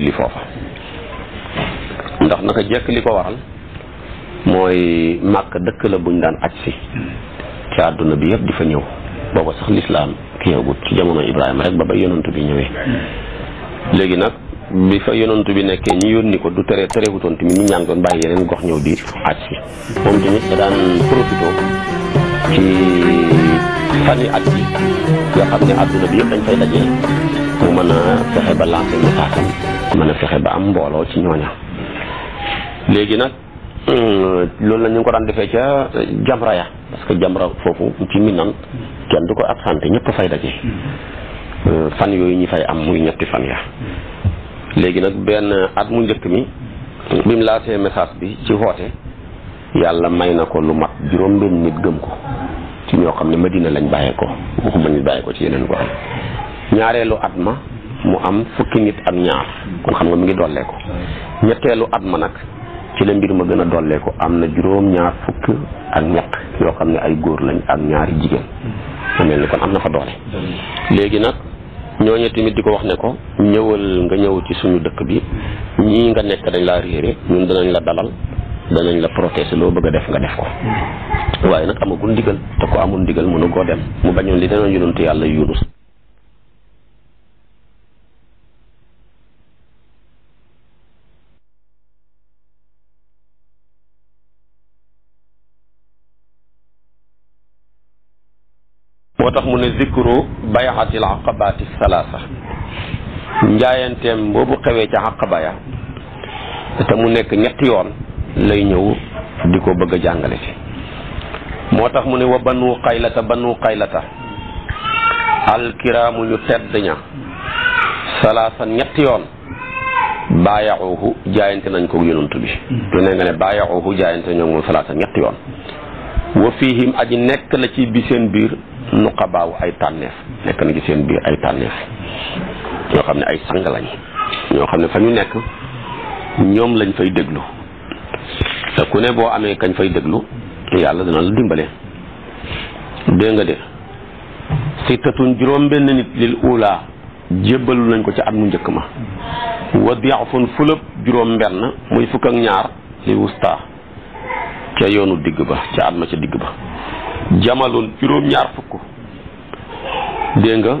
li foofa ndax naka jekk li ko waral mooy màkk dëkk la buñ daan aj si ci àdduna bi yëpp di fa ñëw booba sax lislaam kiyagut ci jamono Ibrahima rek ba ba yonantu bi ñëwee léegi nag bi fa yonantu bi nekkee ñu yónni ko du tere terewutoon tamit ñu ñaan doon bàyyi yeneen gox ñëw di aj si moom tamit da daan profité ci fani aj yi nga xam ne àdduna bi yëpp dañ fay dajee mu mën a fexe ba lancé message mën a fexe ba am mbooloo ci ñooña léegi nag hmm, loolu la ñu ngi ko daan defee ca jamra ya parce que jamra foofu ci minan kenn du ko absenté ñëpp fay daje euh, fan yooyu ñu fay am muy ñetti fan ya léegi nag benn at mu njëkk mi bi mu laasee message bi ci woote yàlla may na ko lu mat juróom benn nit gëm ko ci ñoo xam ne ma dina lañ bàyyeekoo ko waxuma nit bàyyee ko ci yeneen gox ñaareelu at ma mu am fukki nit ak ñaar kon xam nga mu ngi dollee ko ñetteelu at ma nag ci la mbir ma gën a dollee ko am na juróom ñaar fukk ak ñett yoo xam ne ay góor lañ ak ñaari jigéen mu mel ni kon am na fa doole léegi nag ñooñu tamit di ko wax ne ko ñëwal nga ñëw ci suñu dëkk bi ñii nga nekk dañ laa réere ñun danañ la dalal danañ la protéger loo bëgg a def nga def ko waaye nag amagul ndigal te ko amul ndigal mënu koo dem mu bañoon li dana yonantu yàlla yunus moo tax mu ne zikru bayatil aqabati salaasa njaayanteem boobu xewee ca aqaba ya te mu nekk ñetti yoon lay ñëw di ko bëgg a jàngale ci moo tax mu ne wa banu xaylata banu xaylata alkiraamu ñu tedd ña salaasa ñetti yoon baayaxuhu jaayante nañ ko yonantu bi te ne nga ne baayaxuhu jaayante ñoo salaasa ñetti yoon wa fihim aji nekk la ci bi seen biir nuqabaaw ay tànneef nekk na ci seen biir ay tànneef ñoo xam ne ay sang ñoo xam ne fa ñu nekk ñoom lañ fay déglu te ku ne boo amee kañ fay déglu yàlla dana la dimbale dégg nga de si tatun juróom benn nit lil ula jébbalu nañ ko ca at mu njëkk ma wa diafun fulëb juróom benn muy fukk ak ñaar lil wusta ca yoonu digg ba ca at ma ca digg ba jamalun juróom-ñaar fukk dégg nga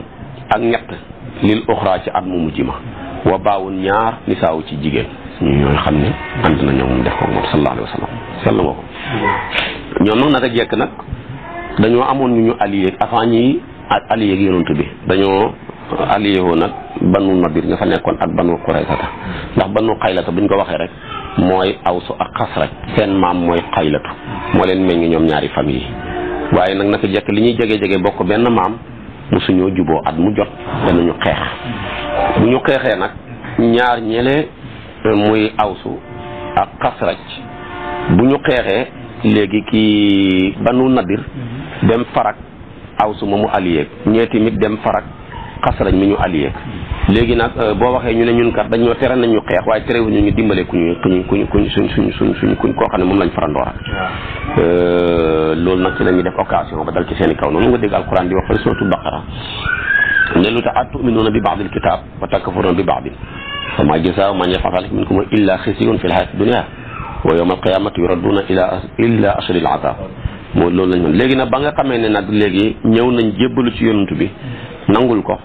ak ñett lil uxraa ci at mu mujj ma wa baawun ñaar nisaawu ci jigéen ñooy xam ni ànd na ñoom def ko moom sallallahu alayhi wa nag jekk nag dañoo amoon ñu ñu allié avant ñi allié ak yonent dañoo allié woon nag banu nabir nga fa nekkoon ak banu xuraysata ndax banu xaylata buñ ko waxee rek mooy awsu ak xas rek seen maam mooy xaylatu moo leen meññ ñoom ñaari famille waaye nag naka jekk li ñuy jege jege bokk benn maam mosuñoo juboo at mu jot ñu xeex bu ñu xeexee nag ñaar ñele euh, muy awsu ak xasraj bu ñu xeexee léegi kii banu nadir mhm. dem farak awsu ma mu allié ñee tamit dem farak xasrañ mi ñu allié léegi nag euh, boo waxee ñu ne ñun kat dañoo tere nañ ñu xeex waaye terewul ñu ñu dimbale ku ñu ku ku ñu ku suñ suñ suñ suñ kuñ koo xam ne moom lañ farandoora euh, loolu nag ci la ñuy def occasion ba ci seen i kaw noonu nga dégg alquran di wax fa suratul baqara ne lu tax tuminuuna bi baadil kitaab wa takfuruuna bi baadin wa maa jazaau man yafal minkum illa xisyun fi lxayaati dunia wa yowma alqiyamati yuradduuna ila illa ashadil azab mooy loolu lañ léegi nag ba nga xamee ne nag léegi ñëw nañ jébbalu ci yonent bi nangul ko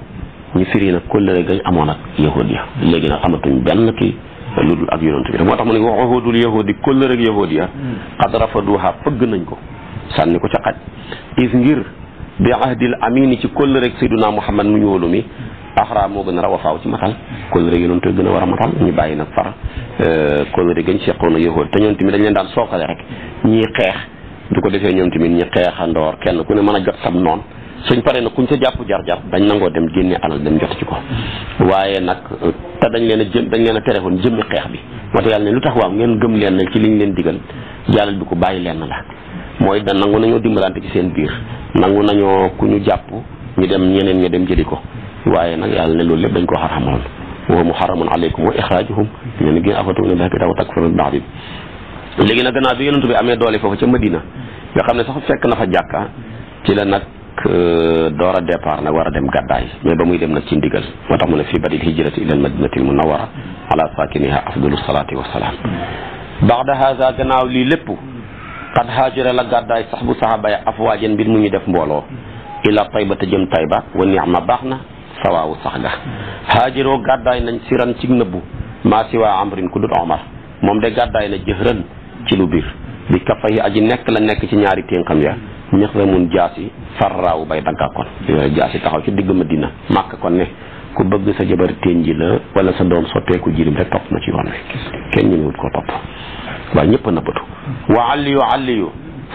ñu firi nag kóllëre gañ amoon ak yahuud ya léegi nag amatuñ benn kii lu dul ak yonent bi moo tax mu ne wa uhuudul yahudi kóllëre ak yahuud ya qad pëgg nañ ko sànni ko ca xaj is ngir bi ahdil amini ci kóllëre ak sayyiduna muhammad mu ñoolu mi axra moo gën a raw a faaw ci matal kóllëre yonent yi gën a war a matal ñu bàyyi nag far euh, kóllëre gañ seqoon a yahuud te ñoom tamit dañ leen daan sookale rek ñii xeex du ko defee ñoom tamit ñi xeexandoor kenn ku ne mën a jot sam noon suñ paree nag ñu ca jàpp jar-jar dañ nangoo dem génne alal dem jot ci ko waaye nag te dañ leen a jëm dañ leen a téléphone jëmmi xeex bi moo yàlla ne lu tax waaw ngeen gëm leen ne ci liñ leen digal yàlla bi ko bàyyi leen la mooy da nangu nañoo dimbalante ci seen biir nangu nañoo ku ñu jàpp ñu dem ñeneen ña dem jëli ko waaye nag yàlla ne loolu lépp dañ koo xaraamaloon wa muharramun alaykum wa ixraajuhum ne ni gën afatuuna bihi kitaabu takfuruuna bi ba'di léegi nag gannaaw bi yonent bi amee doole foofu ca Madina nga xam ne sax fekk na fa jàkka ci la nag Euh, door a départ nag war a dem gàddaay mais ba muy dem na ci ndigal moo tax mu ne fii badil hijrati ilal madinatil munawara ala saakiniha afdalu salaati wasalaam baxda haza gannaaw lii lépp xad haajara la gàddaay sax bu saxaaba ya afwaajan mbir mu ñu def mbooloo ila tayba te jëm tayba wa niama baax na sawaawu sax ga haajaroo gàddaay nañ siran ci nëbbu maa si waa amrin ku dut omar moom de gàddaay na jëhran ci lu biir bi kafa yi aji nekk la nekk ci ñaari ténqam ya ñax la mun jaasi farraawu bay dagga kon yooyu jaasi taxaw ci digg dina màkk kon ne ku bëgg sa jabar teen ji wala sa doom sotteeku jirim rek topp na ci yoon wi kenn ñu wut koo topp waaye ñëpp a nëbbatu wa alliyu alliyu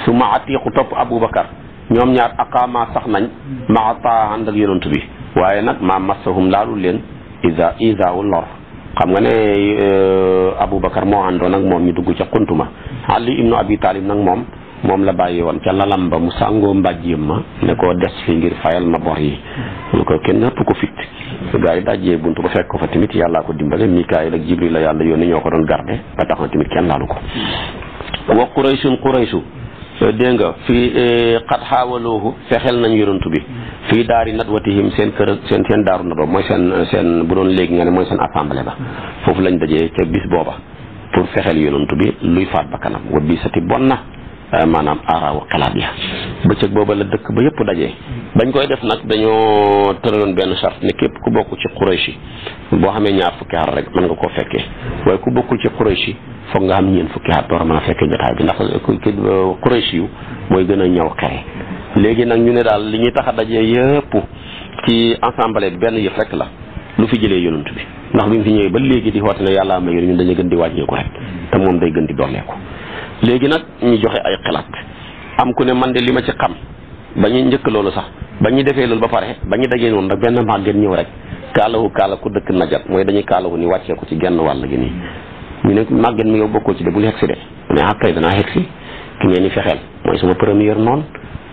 su ma atiiqu topp Aboubacar ñoom ñaar aqaama sax nañ maa ak yonent bi waaye nag maa massahum laalu leen isa isawu lor xam nga ne euh, abu Aboubacar moo àndoon ak moom ñu dugg ca xuntuma Ali ibnu Abi Talib nag moom moom la bàyyi woon ca lalam ba mu sàngoo mbàjjim ma ne ko des fi ngir fayal ma bor yi mu ko kenn ëpp ko fit gaa yi dajjee buntu ba fekk ko fa tamit yàllaa ko dimbale Mikaayil ak Jibril la yàlla yónni ñoo ko doon garde ba tax na tamit kenn laalu ko wa qurayshun qurayshu dégg nga fii xat e, xaawaloohu fexeel nañ yonantu bi fii daari nadwatihim seen kër seen seen daaru nadwa mooy seen seen bu doon léegi nga ne mooy seen assemblée ba foofu lañ dajee ca booba pour fexeel yonantu bi luy faat Eh, maanaam aaraawu xalaat ya bëccëg booba la dëkk ba yëpp daje. bañ koy def nag dañoo tëraloon benn charte ne képp ku bokk ci Quraysh boo xamee ñaar fukki rek mën nga koo fekkee waaye ku bokkul ci Quraysh foog nga am ñeen fukki at door a mën a fekkee jotaay bi ndax eh, eh, Quraysh yu mooy gën a ñaw xere léegi nag ñu ne daal li ñuy tax a daje yëpp ci ensemble bi benn yëpp rek la lu fi jëlee yonent bi ndax bi mu fi ñëwee ba léegi di xoote ne yàllaa ma yéen ñun dañuy gën di wàññeeku rek te moom day gën di dolleeku léegi nag ñu joxe ay xalaat am ku ne man de li ma ci xam ba ñuy njëkk loolu sax ba ñuy defee loolu ba pare ba ñu dajee noonu nag benn màgget ñëw rek kaalawu kaala ku dëkk najat mooy dañuy kaalawu ni wàcceeku ci genn wàll gi nii ñu ne màgget mi yow bokkoo ci de bul xegsi de mu ne ah kay danaa xegsi ki ngeen di fexeel mooy sama première noonu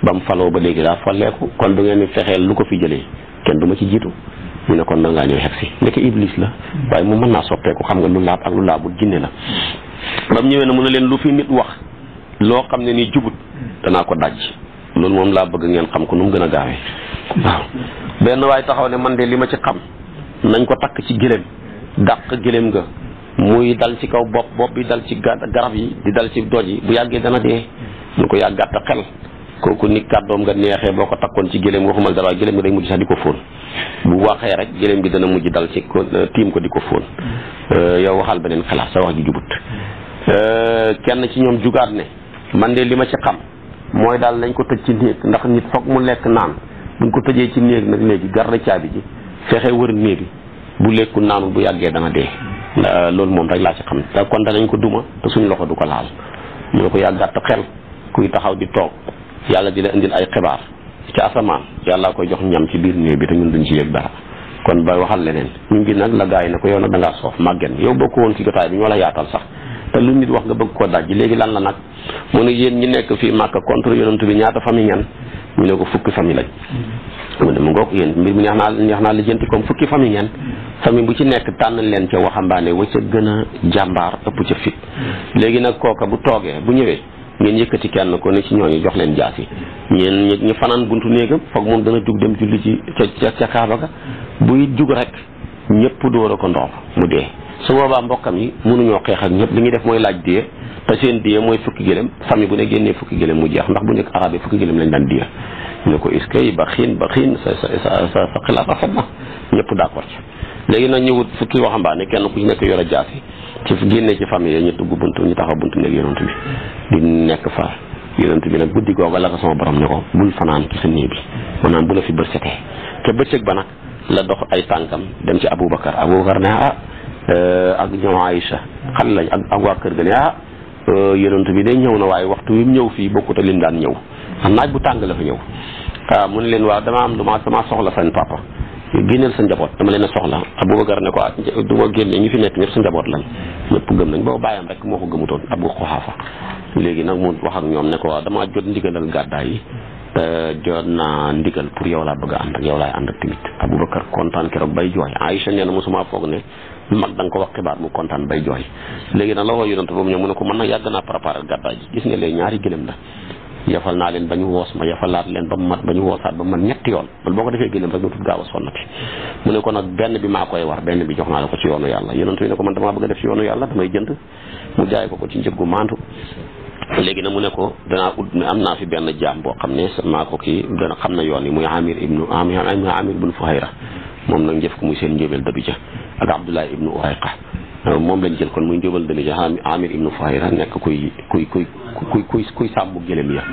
ba mu faloo ba léegi daa falleeku kon du ngeen di fexeel lu ko fi jëlee kenn du ma ci jiitu ñu ne kon da ngaa ñëw xegsi la waaye mu mën naa soppeeku xam nga lu laab ak lu laabul jinne ba ñëwee na mu a leen lu fi nit wax loo xam ne ni jubut danaa ko daj loolu moom laa bëgg ngeen xam ko nu mu gën a gaawee waaw benn waay taxaw ne man de li ma ci xam nañ ko takk ci gëléem dàq gëléem ga muy dal ci kaw bopp bopp bi dal ci garab yi di dal ci doj yi bu yàggee dana dee ñu ko yàggaat xel kooku ni doom nga neexee boo ko takkoon ci gëléem waxuma dara gëléem gi day mujj sax di ko fóon bu waxee rek gëléem gi dana mujj dal ci ko euh, tiim ko di ko fóon euh, yow waxal beneen xalaat sa wax ji jubut euh, kenn ci ñoom jugaat ne man de li ma ci xam mooy daal nañ ko tëj ci néeg ndax nit foog mu lekk naan buñ ko tëjee ci néeg nag léegi garde caabi ji fexe wër néeg bu lekku naanul bu yàggee dana dee loolu moom rek laa ci xam te kon danañ ko duma te suñ loxo du ko laal mu ne ko yàggaat xel kuy taxaw di toog yàlla di la indil ay xibaar ci asamaan yàllaa koy jox ñam ci biir néew bi te ñun duñ ci yëg dara kon ba waxal leneen ñu ngi nag la gaa yi ne ko yow nag da ngaa soof màggen yow bokk woon ci jotaay bi ñu wala yaatal sax te lu nit wax nga bëgg koo dajji léegi lan la nag mu ne yéen ñi nekk fii màkka contre yonantu bi ñaata famille ñan ñu ne ko fukki famille lañ mu ne mu ngoog yéen mbir mi neex naa neex naa lijjanti comme fukki famille ngeen famille bu ci nekk tànn leen ca waxambaane wa ca gën a jàmbaar ëpp ca fit léegi nag kooka bu toogee bu ñëwee ngeen yëkkati kenn ko ne ci ñooñu jox leen jaas yi ñeen ñu ñu fanaan buntu néegam foog moom dana jug dem julli ci ca ca kaaba ka buy jug rek ñëpp dóor a ko ndox mu dee su boobaa mbokkam yi mënuñoo xeex ak ñëpp li ñuy def mooy laaj diye te seen diye mooy fukki gëlëm famille ne génnee fukki gëlëm mu jeex ndax bu njëkk arab yi fukki gëlëm lañ ko iskay ba xiin ba xiin sa sa sa sa xilaaf rafet na ñëpp d'accord ci léegi nag ñu wut fukki waxambaane kenn ku ci nekk yor a jaas yi ci génne ci famille yi ñu dugg buntu ñu taxaw buntu néeg yonent bi di nekk fa yonent bi nag guddi googa la ko sama borom ne ko bul fanaan ci sa néeg bi maanaam bu la fi bëccëgee te bëccëg ba nag la dox ay tànkam dem ci Aboubacar Aboubacar ne ah eh, ak ñoom Aïcha xale lañ ak ak waa kër ga ah eh, yonent bi de ñëw na waaye waxtu wi mu ñëw fii bokkut a lim daan ñëw am naaj bu tàng la fa ñëw waaw ah, mu ne leen waaw dama am lu ma sama soxla seen papa génneel sa njaboot dama leen a soxla Abubakar ne ko ah du ma génne ñu fi nekk ñëpp sa njaboot lañ ñëpp gëm nañ boo bàyyam rek moo ko gëmutoon Abu Quhaafa léegi nag mu wax ak ñoom ne ko waaw ah, damaa jot ndigalal gàddaay yi jot naa ndigal pour yow laa bëgg a ànd ak yow laay ànd ak tamit Abubakar kontaan keroog bay jooy Aïcha nee na mosuma foog ne mag da nga ko wax xibaar mu kontaan bay jooy léegi nag la woo yonent ba mu ñëw mu ne ko man nag yàgg naa préparé gàddaay ji gis nga léegi ñaari gëlëm la yafal naa leen ba ñu woos ma yafalaat leen ba mu mat ba ñu woosaat ba mu mat ñetti yoon loolu mu ne ko nag benn bi maa koy war bi jox naa ko ci yoonu yàlla yonent bi ne ko man damaa bëgg a mu ko ko ci njëg gu maantu nag mu ne ko danaa ut am naa fi benn jaam boo xam ne maa ko kii dana xam na yoon yi muy amir ibnu amir ibnu fuhayra moom nag njëf ko muy seen njóobel dabi ja ak abdoulaye ibnu urayqa moom lañ jël kon muy njóobal dabi ja amir ibnu fuhayra nekk kuy kuy kuy kuy kuy kuy sàmm gëlëm ya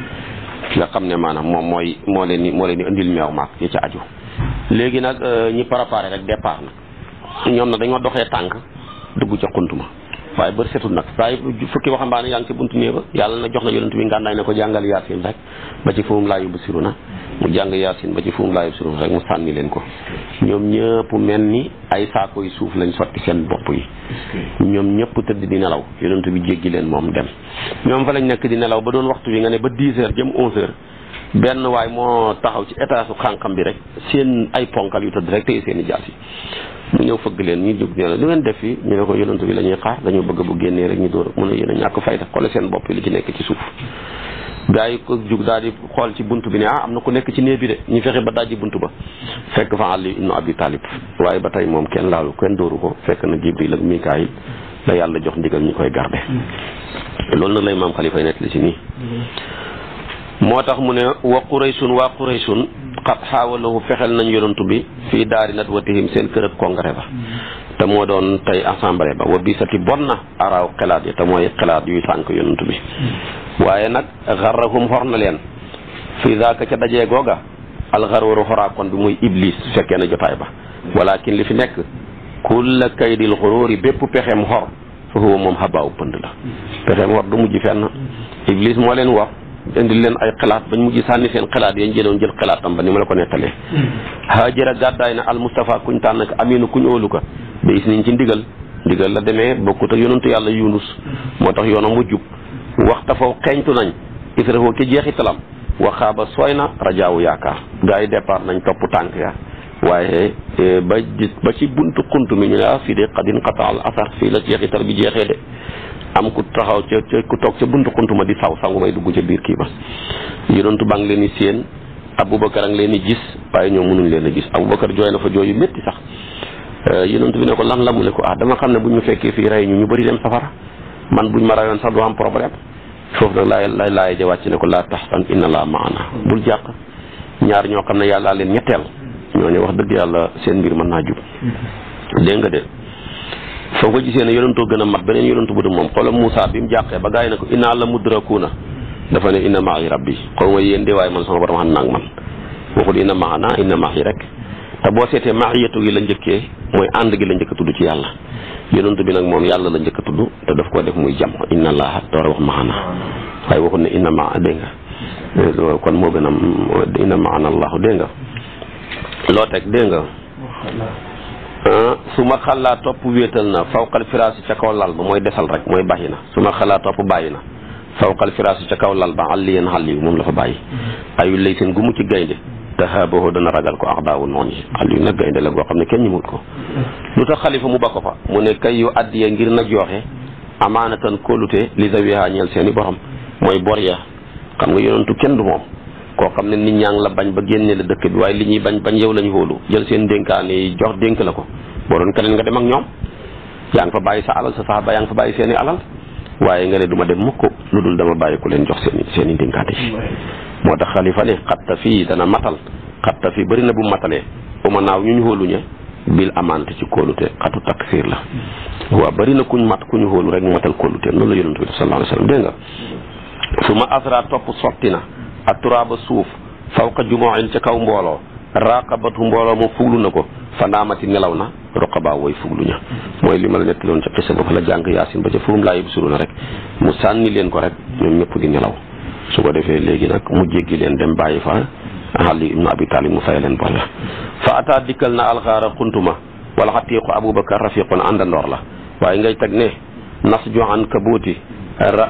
nga xam ne maanaam moom mooy moo leen ni moo leen ni indil meew maak ya ca aju léegi nag euh, ñi préparé rek départ nag ñoom nag dañoo doxee tànk dugg ca xuntuma waaye bër setul nag waaye fukki waxambaane yaa ngi ci buntu néeg ba yàlla na jox na yonent bi ngàndaay ne ko jàngal yaasin rek ba ci foofu laa yóbbu siru na mu jàng yaasin ba ci fu mu laayib suuf rek mu sànni leen ko ñoom ñëpp mel ni ay saako yu suuf lañu sotti seen bopp yi ñoom ñëpp tëdd di nelaw yonent bi jéggi leen moom dem ñoom fa lañ nekk di nelaw ba doon waxtu yi nga ne ba dix heures jëm onze heures benn waay moo taxaw ci état su xànkam bi rek seen ay ponkal yu tëdd rek tey seen i jaas yi mu ñëw fëgg leen ñu jóg nee na lu ngeen def fi ñu ne ko yonent bi la ñuy xaar dañoo bëgg bu génnee rek ñu dóor mun a yéen a ñàkk fayda xoole seen li ci nekk ci suuf gaa yi ko jug daal di xool ci bunt bi ne ah am na ku nekk ci néeg bi de ñu fexe ba dajji bunt ba fekk fa Ali ibnu Abi Talib waaye ba tey moom kenn laalu kenn dóoru ko fekk na Jibril ak Mikaayil la yàlla jox ndigal ñu koy garde mm. loolu nag lay maam xalifa yi nekk li si nii mm. moo tax mu ne wa quraysun waa quraysun xat xaawalahu fexeel nañ yonantu bi fii daari nadwatihim seen kër ak congrès ba te moo doon tey assemblée ba sa bisati bon na araaw xelaat yi te mooy xelaat yuy sànk yonantu bi waaye nag xarrahum xor na leen fii zaaka ca dajee googa alxarwaru xoraakon bi muy iblis fekkee na jotaay ba walakin li fi nekk kulla kaydil xuróori bépp pexem xor fa huwa moom xabaaw pënd la pexem xor du mujj fenn iblis moo leen wor indil leen ay xalaat bañ mujj sànni seen xalaat yañ jëloon jël xalaatam ba ni ma la ko nettalee hmm. haajara gàddaay na al Mustafa kuñ tànn ak aminu kuñ óolu ko ba is niñ ci ndigal ndigal la demee bokkut ak yonantu yàlla yunus hmm. moo tax yoonam mu jub waxta faw xeeñtu nañ israfoo ci jeexitalam waxaaba sooy na rajaawu yaakaar gars yi départ nañ topp tànk ya waaye eh, ba ba ci buntu xunt mi ñu ne ah fii de xadin xataal asar fii la jeexital bi jeexee de am ku taxaw ca ku toog ca buntu xuntuma di saw sangu bay dugg ca biir kii ba yonentu baa ngi leen di séen aboubacar a ngi leen di gis waaye ñoom mënuñ leen a gis aboubacar jooy na fa jooy yu métti sax euh, yonentu bi ne ko lan la mu ne ko ah dama xam ne bu ñu fekkee fii rey ñu ñu bari dem safara man bu buñ ma rayoon sax du am problème foofu nag laay laay laay ja wàcc ne ko laa taxsan inna laa maana bul jàq ñaar ñoo xam ne yàllaa leen ñetteel ñoo ne wax dëgg yàlla seen mbir mën naa jub mm-hmm. soo ko gisee ne yonentoo gën a mat beneen yonentu bu du moom xoolal Moussa bi mu jàqee ba gars yi ne ko inna la mudrakuuna dafa ne inna maaxi rabbi xaw ma yéen de waaye man sama borom xam naag man waxul inna maana inna maaxi rek te boo seetee maayatu gi la njëkkee mooy ànd gi la njëkk tudd ci yàlla yonent bi nag moom yàlla la njëkk tudd te daf koo def muy jam inna laaha door a wax maana waaye waxul ne inna maa dégg nga kon moo gën a inna maana allahu dégg nga loo teg dégg nga Euh, su ma xalaa topp wéetal na fawqal firaasi ca kaw lal ba mooy desal rek mooy bàyyi na suma xalaa topp bàyyi na fawqal firaasi ca kaw lal ba àll yéen xàll moom la fa bàyyi mm-hmm. ayu lay mu ci gaynde tahaaboo dana ragal ko axdaawu noon yi àll yu nag gaynde la goo xam ne kenn ñimut ko mm-hmm. lu tax xalifa mu ba ko fa mu ne kay yu àddiya ngir na jooxe amaanatan kóolute li zawiha ñeel seeni borom mooy bor ya xam nga yonentu kenn du moom koo xam ne nit ñaa ngi la bañ ba génne la dëkk bi waaye li ñuy bañ bañ yow lañu wóolu jël seen dénkaane yi jox dénk la ko boo doon keneen nga dem ak ñoom yaa ngi fa bàyyi sa alal sa saxaaba yaa ngi fa bàyyi seeni i alal waaye nga ne du ma dem mukk lu dul dama bàyyi ku leen jox seen seen i dénkaane yi moo tax xalifa ne xatta fii dana matal xatta fii bëri na bu matalee uma naaw ñu ñu wóolu ña bil amante ci kóolute xatu taksiir la waa bëri na kuñ mat kuñu wóolu rek mu matal kóolute loolu la yonent bi sallallahu alayhi wa ma asra topp sotti na a turaaba suuf fawqa jumooin ca kaw mbooloo raqabatu mbooloo moo fuglu na ko fa fanaamati nelaw na roqabaa woy fuglu ña mooy li ma la nettali loon ca xisa ba fa la jàng yaasin ba ca fugum laa yëb suru na rek mu sànni leen ko rek ñoom ñëpp di nelaw su ko defee léegi nag mu jéggi leen dem bàyyi fa Ali ibnu Abi Talib mu fay leen bor ya fa ataa dikkal na alxaara xuntuma wala xatiiqu Abubakar na àndandoor la waaye ngay teg ne nas ju an kabuuti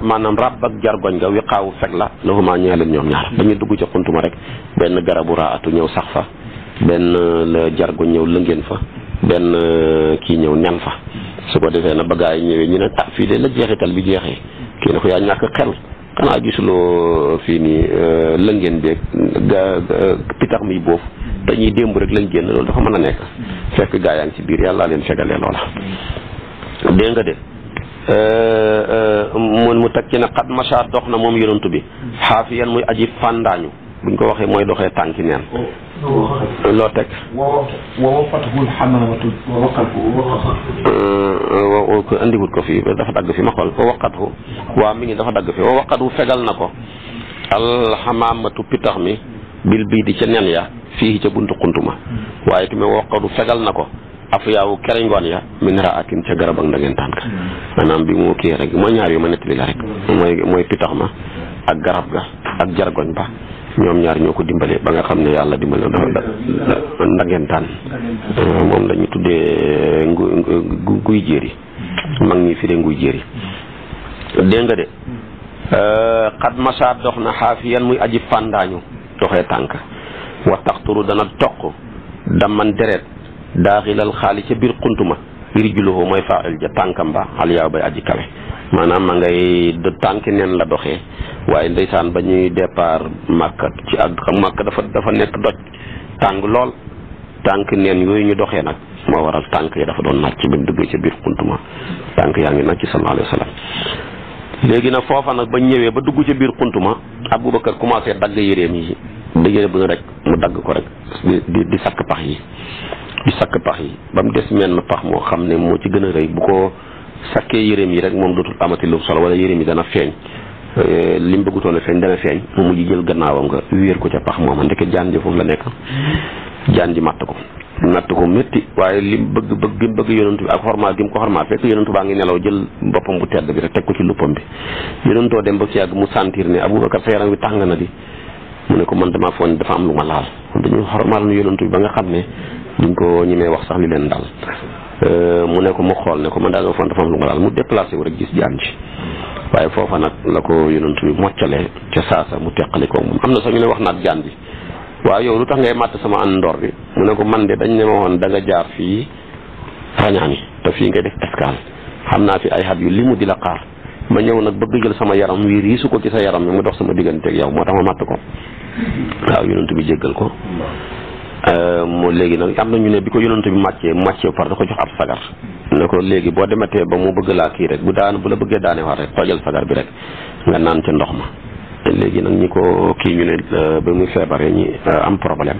maanaam rab ak jargoñ nga wiqaawu fekk la lahuma ñee leen ñoom ñaar dañu dugg ca xuntuma rek benn garabu raatu ñëw sax fa benn la jargoñ ñëw lëngeen fa benn kii ñëw nen fa su ko defee na baggaay ñëwee ñu ne ah fii de la jeexital bi jeexee kii ne ko yaa ñàkk xel xanaa gisuloo fii nii euh, lëngeen beeg ga pitax mi boof dañuy démb rek lañ génn loolu dafa mën a nekk fekk gaa yaa ngi ci biir yàlla leen fegalee loola dégg nga de Euh, euh, mun mu teg ci ne xat macha dox na moom yonantu bi xaafiyan muy aji bu buñ ko waxee mooy doxee tànki neen loo teg euh, wa andiwut ko fii dafa dagg fi ma xool wa waqathu waa mi ngi dafa dagg fi wa waqathu fegal na ko alxamaamatu pitax mi bil bii di ca nen ya fii ca buntu xuntuma waaye tamit wa waqathu fegal na ko afiyaawu kere ngoon ya min raatin ca garab ak ndangentaan ka hmm. maanaam bi moo kii rek mooy ñaar yu ma nettali la rek hmm. mooy mooy pitax ma ak garab ga ak jargoñ ba ñoom ñaar ñoo ko dimbalee ba nga xam ne yàlla dimbale dafa da ndangentaan hmm. moom lañu tuddee ngu guy jéeri mag ñi fi de nguy jéeri dégg nga de xat euh, masa dox na xaafiyan muy aji fàndaañu doxee tànk wa taxturu dana toq daman deret daaxilal xaali ca biir ma xuntuma rijluhu mooy faaxil ja tànkam ba xal yaa bay aji kawe maanaam ma ngay du tànki neen la doxee waaye ndeysaan ba ñuy départ màkk ci ak xam dafa dafa nekk doj tànk lool tànk neen yooyu ñu doxee nag moo waral tànk yi dafa doon nàcc ba dugg ca biir xuntuma tànk yaa ngi nag ci alayhi wa léegi nag foofa nag ba ñëwee ba dugg ca biir xuntuma Aboubacar commencé dagg yéreem yi da yére bu ne rek mu dagg ko rek di di sakk yi ñu sakk pax yi ba mu des menn pax moo xam ne moo ci gën a rëy bu ko sakkee yërëm yi rek moom dootul amati lu solo wala yërëm yi dana feeñ euh, li mu bëggutoon a feeñ dana feeñ mu mujj jël gannaawam nga wéer ko ca pax mooma ndeke jaan ji foofu la nekk jaan ji matt ko natt ko métti waaye li mu bi mu ko dem ba ci yàgg mu sentir ne Aboubacar sa yaram wi tàng na di mu ne ko man damaa foog ne dafa am lu ma laal dañuy xormaal nu yonantu bi ba nga xam ne duñ ko ñemee wax sax li leen daal euh, mu ne ko mu xool ne ko man daal fant fam lu ma daal mu déplacé wu rek gis jaan ji waaye foofa nag la ko yonent bi moccale ca sa mu teqali ko moom am na sax ñu ne wax naat jaan bi waaw yow lu tax ngay màtt sama an ndoor bi mu ne ko man de dañ ne ma woon da nga jaar fii Fañaani te fii ngay def escale xam naa fi ay xat yu li mu di la xaar ma ñëw nag bëgg jël sama yaram wi riisu ko ci sa yaram bi mu dox sama digganteeg yow moo tax ma màtt ko waaw bi jéggal ko Euh, moo léegi nag am na ñu ne bi ko yonent bi màccee màccee par da ko jox ab sagar ne ko léegi boo dematee ba mu bëgg laa kii rek bu daan bu la bëggee daane waat rek tojal sagar bi rek nga naan ca ndox ma léegi nag ñi ko kii ñu ne euh, ba muy feebaree ñi euh, am problème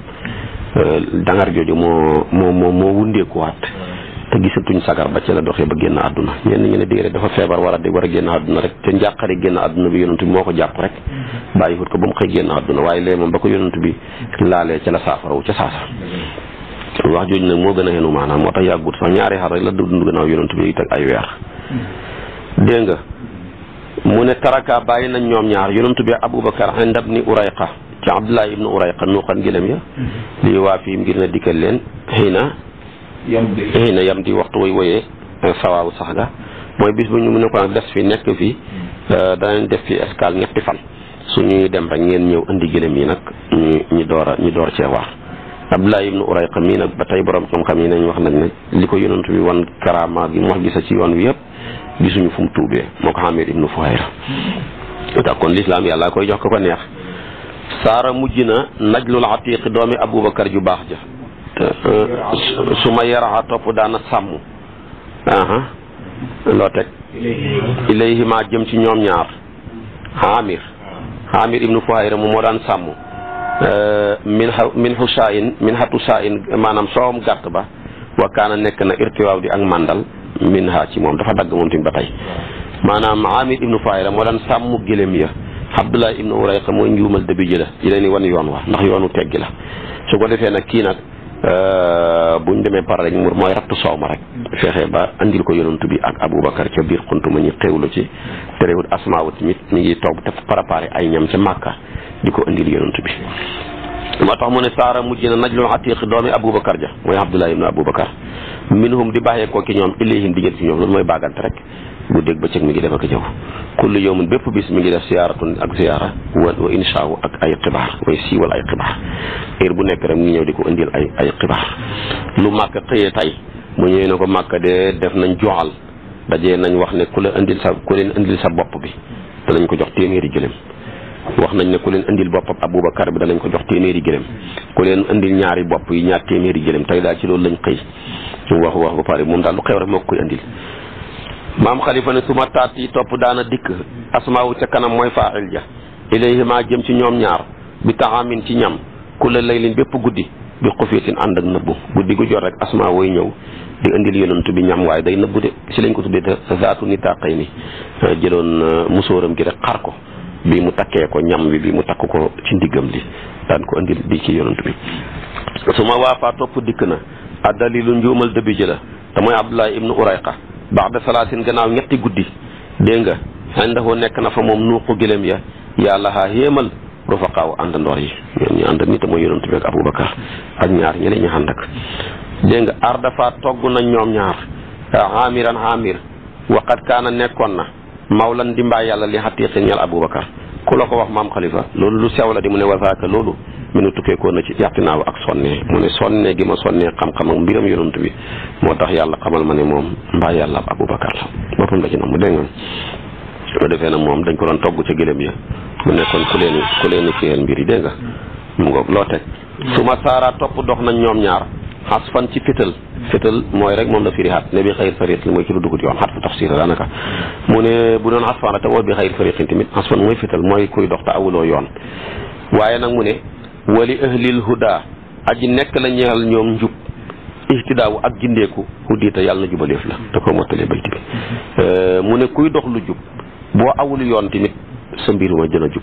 dangar jooju moo moo moo wundeekuwaat te gisatuñ sagar ba ci la doxee ba génn àdduna ñenn ñu ne déedéet dafa feebar war a war a génn àdduna rek te njàqare génn àdduna bi yonent bi moo ko jàpp rek mm-hmm. bàyyiwut ko ba mu xëy génn àdduna waaye léegi moom ba ko yonent bi laalee ca la saafarawu ca saasa mm-hmm. wax jooju nag moo gën a xenu maanaam moo tax yàggut sax ñaari xar rek la dund gannaaw yonent bi teg ay weer mm-hmm. dégg nga mu ne taraka bàyyi nañ ñoom ñaar yonent bi abubakar ind ibni urayqa ci abdullah ibnu urayqa nuuxan gilem ya lii waa fii ngir na dikkal leen xëy na yam na yam di waxtu way woyee euh, sawaabu sax ga mooy bis bu ñu mën a ko nag des fi nekk fi euh, danañ def fi escale ñetti fan su ñuy dem rek ngeen ñëw indi gëlëm yi nag ñu door a ñu door cee wax Abdullah ibnu Urayqa mii nag ba tey borom xam-xam yi nañ wax nañ ne li ko yonent bi wan karama gi mu wax gisa ci yoon wi yëpp gisuñu fu mu tuubee moo ko xamee ibnu Fuhayra tax kon lislaam yàlla koy jox ko ko neex saara mujj na najlul atiq doomi Abubakar ju baax ja Euh, su ma yaraxa topp daana sàmm aha loo teg ilayhima jëm ci ñoom ñaar xaamir xaamir ibnu fuhayra moom moo daan sàmm euh, min xa min xusaa in min xatu saa in maanaam soowam gàtt ba wa kaana nekk na irtiwaaw di ak màndal min ha ci moom dafa dagg moom tamit ba tey maanaam xaamir ibnu fuhayra moo daan sàmm gëléem ya abdullah ibnu urayqa mooy njuumal dëbi jëla yi leen ni wan yoon wa ndax yoonu teggi la su ko defee nag kii nag Euh, bu ñu demee pare rek mur mooy ratt soow ma rek mm. fexe ba andil ko yonantu bi ak Aboubacar ca biir xunt ma ñu xewlu ci mm. terewut asmaawu tamit mi ngi toog te préparé ay ñam ca màkka di ko andil yonantu bi moo tax mu ne saara mujj na najlul atiq doomi Aboubacar ja mooy Abdoulaye ibn Aboubacar minhum di baaxee ko ci ñoom ilayhim di jël ci ñoom loolu mooy baagante rek bu ba bëccëg mi ngi dem ak a ñëw kullu yawmin bépp bis mi ngi def siyaaratun ak ziyaara wa wa inshaaw ak ay xibaar way siiwal ay xibaar heure bu nekk rek mu ngi ñëw di ko indil ay ay xibaar lu màkk xëyee tey mu ñëwee na ko màkk de def nañ joxal dajee nañ wax ne ku la indil sa ku leen indil sa bopp bi danañ ko jox téeméeri gëlëm wax nañ ne ku leen indil boppam Aboubacar bi danañ ko jox téeméeri gëlëm ku leen indil ñaari bopp yi ñaar téeméeri gëlëm tey daal ci loolu lañ xëy wax wax ba pare moom daal lu xew rek moo koy indil maam xalifa ne su ma taat yi topp daana dikk asmaawu ca kanam mooy faaxil ja ilayhima jëm ci ñoom ñaar bi taxamin ci ñam ku la laylin bépp guddi bi xufiitin ànd ak nëbbu guddi gu jot rek asmaa wooy ñëw di indil yonent bi ñam waaye day nëbbu de si lañ ko tuddee zaatu ni tàqay ni jëloon euh, musóoram gi rek xar ko bii mu takkee ko ñam wi bi mu takk ko ci ndiggam li daan ko indil di ci yonent bi su ma waafaa topp dikk na a dalilu njuumal dëbi jëla te mooy abdullah ibnu urayqa ba'da salaasin gannaaw ñetti guddi dégg nga àndahu nekk na fa moom nuuqu gëléem ya yàlla xaa xéemal rufaqaaw àndandoor yi ñoom ñu ànd ak ñi mooy yonent bi ak Abubakar ak ñaar ñeneen ñu ànd dégg nga ar dafa togg nañ ñoom ñaar xaamiran xaamir waqat kaana nekkoon na mawlan di mbaa yàlla li xatiiqin ñal Abubakar ku la ko wax maam xalifa loolu lu sew la di mu ne wasaaka loolu mu ne tukkeekoo na ci yaxtinaaw ak sonne mu ne sonne gi ma sonnee xam-xam ak mbiram yonent bi moo tax yàlla xamal ma ne moom mbaa yàlla ab abubakar la boppam la ci nam mu dégg nga defee na moom dañ ko doon togg ca gëléem ya mu nekkoon ku leen ku leen ci mbir yi dégg nga mu ngoog loo teg su ma saara topp dox nañ ñoom ñaar xas fan ci fétal fétal mooy rek moom la firi xat ne bi xayir fariqin mooy ci lu dugut yoon xat fu tafsir la daanaka mu ne bu doon xas fan la te woo bi xayir fariqin tamit xas fan mooy fétal mooy kuy dox te awuloo yoon waaye nag mu ne wali ahlil huda aji nekk la ñeel ñoom njub ihtidaawu ak gindeeku huddiita yàlla na jubaleef la te ko mottalee bayti bi euh, mu ne kuy dox lu jub boo awul yoon tamit sa mbir ma a jub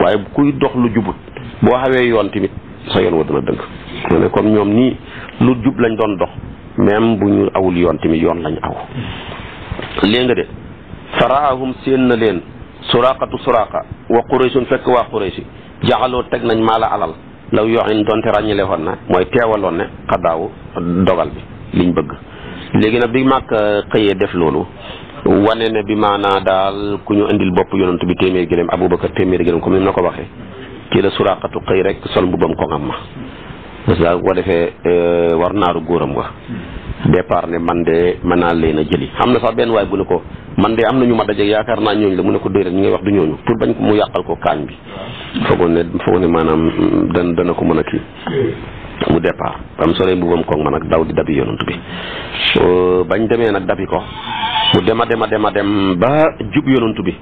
waaye kuy dox lu jubut boo xawee yoon tamit sa yoon woo dana dëgg mu ne ñoom nii lu jub lañ doon dox même bu ñu awul yoon tamit yoon lañ aw léegi nga de faraahum séen na leen suraqatu suraqa wa quraysun fekk waa quraysi jaxaloo teg nañ maa la alal law yoxin donte ràññile woon na mooy teewaloon ne xadaawu dogal bi liñ bëgg léegi nag bi màkk xëyee def loolu wane ne bi maanaa daal ku ñu indil bopp yonent bi téeméer gëléem abubakar téeméer gëléem comme ni mu la ko waxee ci la suraqatu xëy rek sol mbubbam ko ngam ma sa bu ko defee euh, war naaru góoram wa départ ne man de mën naa leen a jëli xam na sax benn waay bu ne ko man de am na ñu ma daje yaakaar naa ñooñu la mu ne ko déedéet ñu ngay wax du ñooñu pour bañ mu yàqal ko kaañ bi foogoon ne foogoon ne maanaam mm, dana dana ko mën a ki mu départ am solee mbubbam koog ma nag daw di dabi yonent bi bañ demee nag dabi ko mu dema dema dema dem ba jub yonontu bi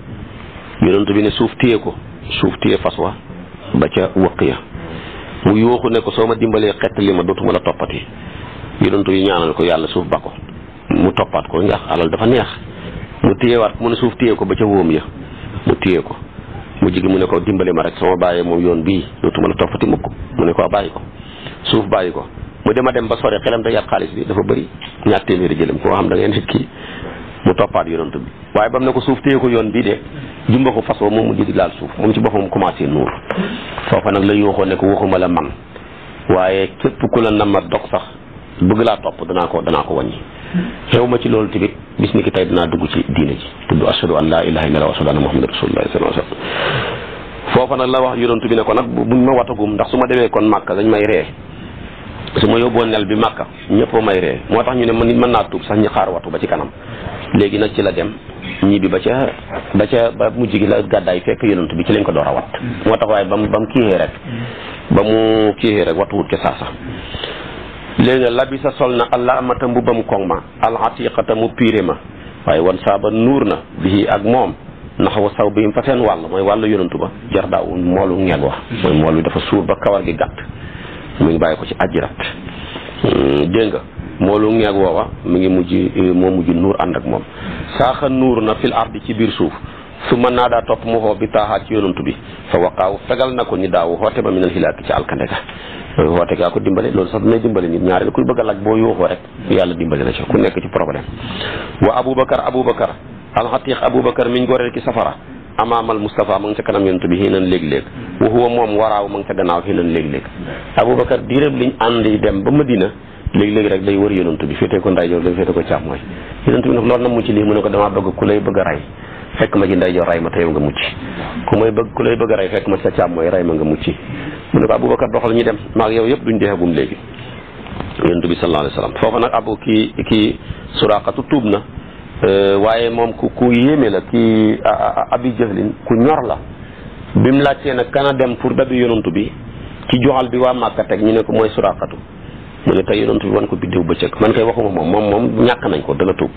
yonent bi ne suuf téye ko suuf téye fas wa ba ca wëq ya mu yooxu ne ko soo ma dimbalee xett li ma dootuma la toppati yonentu yi ñaanal ko yàlla suuf ba ko mu toppaat ko ndax alal dafa neex mu téyewaat ko mu ne suuf téye ko ba ca wóom ya mu téye ko mu jigi mu ne koo dimbali ma rek sama bàyyee moom yoon bii dootuma la toppati mukk mu ne ko ah, bàyyi ko suuf bàyyi ko mu dem a dem ba sore xelam te yàpp xaalis bi dafa bëri ñaar téeméeri jëlam koo xam da ngeen kii mu toppaat yonent bi waaye bam ne ko suuf téye ko yoon bii de jumba ko fasoo moom mujj di laal suuf moom ci boppam commencé nuur foofa nag la yooxoo ne ko waxuma la man waaye képp ku la nama dog sax bëgg laa topp danaa ko danaa ko wàññi xew ci loolu tamit bis ni ki tey dinaa dugg ci diine ji laa ilaha illallah wa ashadu anna muhammadan rasulullah sallallahu alayhi wasallam nag la wax yonent bi ne ko nag bu ma watagum ndax su ma demee kon màkk dañ may ree su ma yóbboon lal bi màkka ñëpp may ree moo tax ñu ne man mën naa tuub sax ñu xaar watu ba ci kanam léegi nag ci la dem ñibbi ba ca ba ca ba mujj gi la gàddaay fekk yonent bi ci lañ ko door a wat moo tax waaye ba mu ba mu kiixee rek ba mu kiixee rek watuwut ca saasa léegi nag sa sol na allaamata mbubbam koŋ ma alxatiqata mu piire ma waaye wan saaba nuur na bi bii ak moom ndax wa saw bi mu fa seen wàll mooy wàllu yonantu ba jar daaw moolu moo wax mooy mool dafa suur ba kawar gi gàtt mu ngi bàyyi ko ci àjjirat hmm, dégg nga moo lu ngeeg woowa mu ngi mujj eh, moo mujj nuur ànd ak moom saaxa nuur na fil ardi ci biir suuf su mën naa daa topp mu xoo bi taaxaat ci yonantu bi fa waqaaw fegal na ko ni daaw xoote ba minal xilaaki ci alkande ka xoote gaa ko dimbale loolu sax dinay dimbale nit ñaareel kuy bëgg a laaj boo yuuxoo rek yàlla dimbale na ci ku nekk ci problème wa aboubacar aboubacar alxatiq aboubacar miñ goreel ki safara amaamal Moustapha ma nga ca kanam yonent bi xii nan léeg-léeg wa moom waraaw ma ca gannaaw xii nan léeg-léeg Aboubacar diirab liñ ànd yi dem ba Madina léegi-léegi rek day war yonent bi féetee ko ndeyjoor la féetee ko càmmooñ yonent bi nag loolu na mu ci lii mu ne ko damaa bëgg ku lay bëgg rey fekk ma ci ndeyjoor rey ma te nga mucc ku may bëgg ku lay bëgg a rey fekk ma ci sa càmmooñ rey ma nga mucc mu ne ko Aboubacar doxal ñu dem maag yow yëpp duñ deexagum léegi yonent bi sallallahu alayhi wa sallam foofu nag abu kii kii suraaqatu tuub na Euh, waaye moom ku ku yéeme la ki abi ku ñor la bi mu laajtee nag kana dem pour dabi yonantu bi ci joxal bi waa Màkka teg ñu ne ko mooy suraqatu mu ne tey yonantu bi wan ko biddiw bëccëg man koy waxuma moom moom moom ñàkk nañ ko dana tuub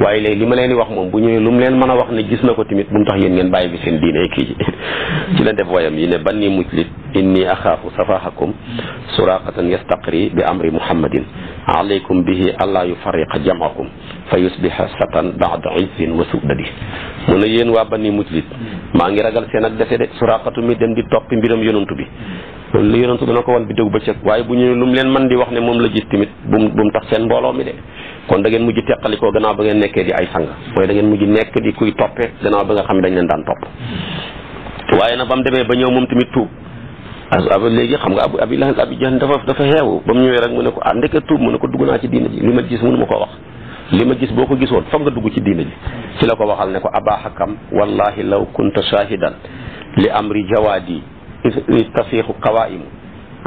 waaye léegi li ma leen di wax moom bu ñëwee lu mu leen mën a wax ne gis na ko tamit bu mu tax yéen ngeen bàyyi bi seen diine kii ci la def wayam yi ne banni mujlit inni axaafu safahakum suraqatan yastaqri bi amri muhammadin alaykum bihi allah yufarriqa fa yusbiha satan ba'da izzin wa su'dadi mu ne yéen waa bani mujlid maa ngi ragal seen ak dese de suraqatu mi dem di toppi mbiram yonantu bi loolu la yonantu bi na ko wan bi dëgg bëccëg waaye bu ñu lu mu leen man di wax ne moom la gis tamit bu mu bu mu tax seen mbooloo mi de kon da mujj teqalikoo gannaaw ba ngeen nekkee di ay sang mooy da ngeen mujj nekk di kuy toppee gannaaw ba nga xam dañ leen daan topp waaye nag ba mu demee ba ñëw moom tamit tuub ab léegi xam nga ab abi lahab abi jahl dafa dafa xeewu ba mu ñëwee rek mu ne ko ah ndeke tuub mu ne naa ci diina ji gis mënu ma koo wax li ma gis boo ko gisoon foog nga dugg ci diina ji ci la ko waxal ne ko aba xakam wallahi law kunta shahidan li amri jawaadi tasiixu qawaimu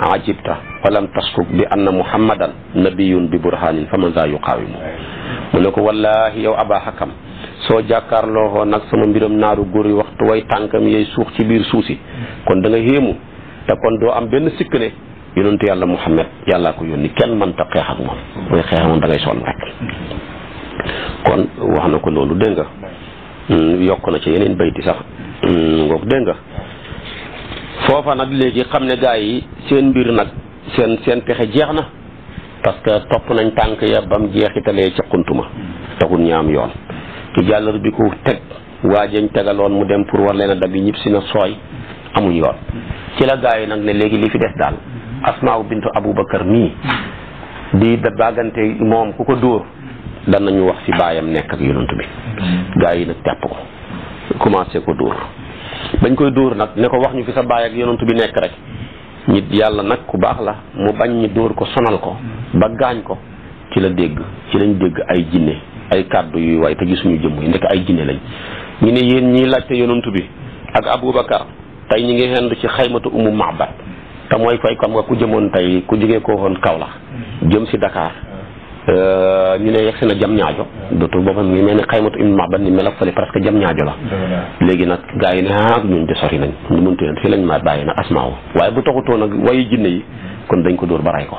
ajibta walam taskuk bi anna muhammadan nabiyun bi burhanin faman za yuqaawimu mu ne ko wallahi yow aba xakam soo jàkkaarloo ko nag sama mbiram naaru góor yi waxtu way tànkam yey suux ci biir suusi kon dangay nga te kon doo am benn sikk ne yonentu yàlla muhammad yàllaa ko yoon yónni kenn mënta xeex ak moom mooy kon wax na ko loolu dégg nga hmm, yokk na ci yeneen bayti sax hmm, ngoog dégg nga foofa nag léegi xam ne gaa yi seen mbir nag seen seen pexe jeex na parce que topp nañ tànk ya bam jeexitalee ca xuntuma taxul ñaam yoon ki jàllar ko teg waa jañ tegaloon mu dem pour war leen a dagg ñib si na sooy amuñ yoon ci la gaa yi nag ne léegi li fi des daal asmaaw bintu abubakar nii di da baagante moom ku ko dóor ñu wax fi baayam nekk ak yonent bi gaa yi nag tepp ko commencé ko dóor bañ koy dóor nag ne ko wax ñu fi sa baay ak yonent bi nekk rek nit yàlla nag ku baax la mu bañ ñi dóor ko sonal ko ba gaañ ko ci la dégg ci lañ dégg ay jinne ay kàddu yuy waaye te gisuñu jëmm yi ndekk ay jinne lañ ñu ne yéen ñiy laajte yonent bi ak Aboubacar tey ñi ngi xend ci xaymatu umu mahbat te mooy koy kam nga ku jëmoon tey ku jógee ko woon Kaolack jëm si Dakar Euh, ñu ne yegsi na jam ñaajo dootul boobu ngi mel ni xaymatu ibn Ma'bad ni mel ak fële presque jam ñaajo la léegi nag gars yi ne ak ah, ñun de sori nañ ñu mënti leen fii lañ ma bàyyi na asmaaw waaye bu taxutoo nag wayu jinne yi kon dañ ko dóor ba rey ko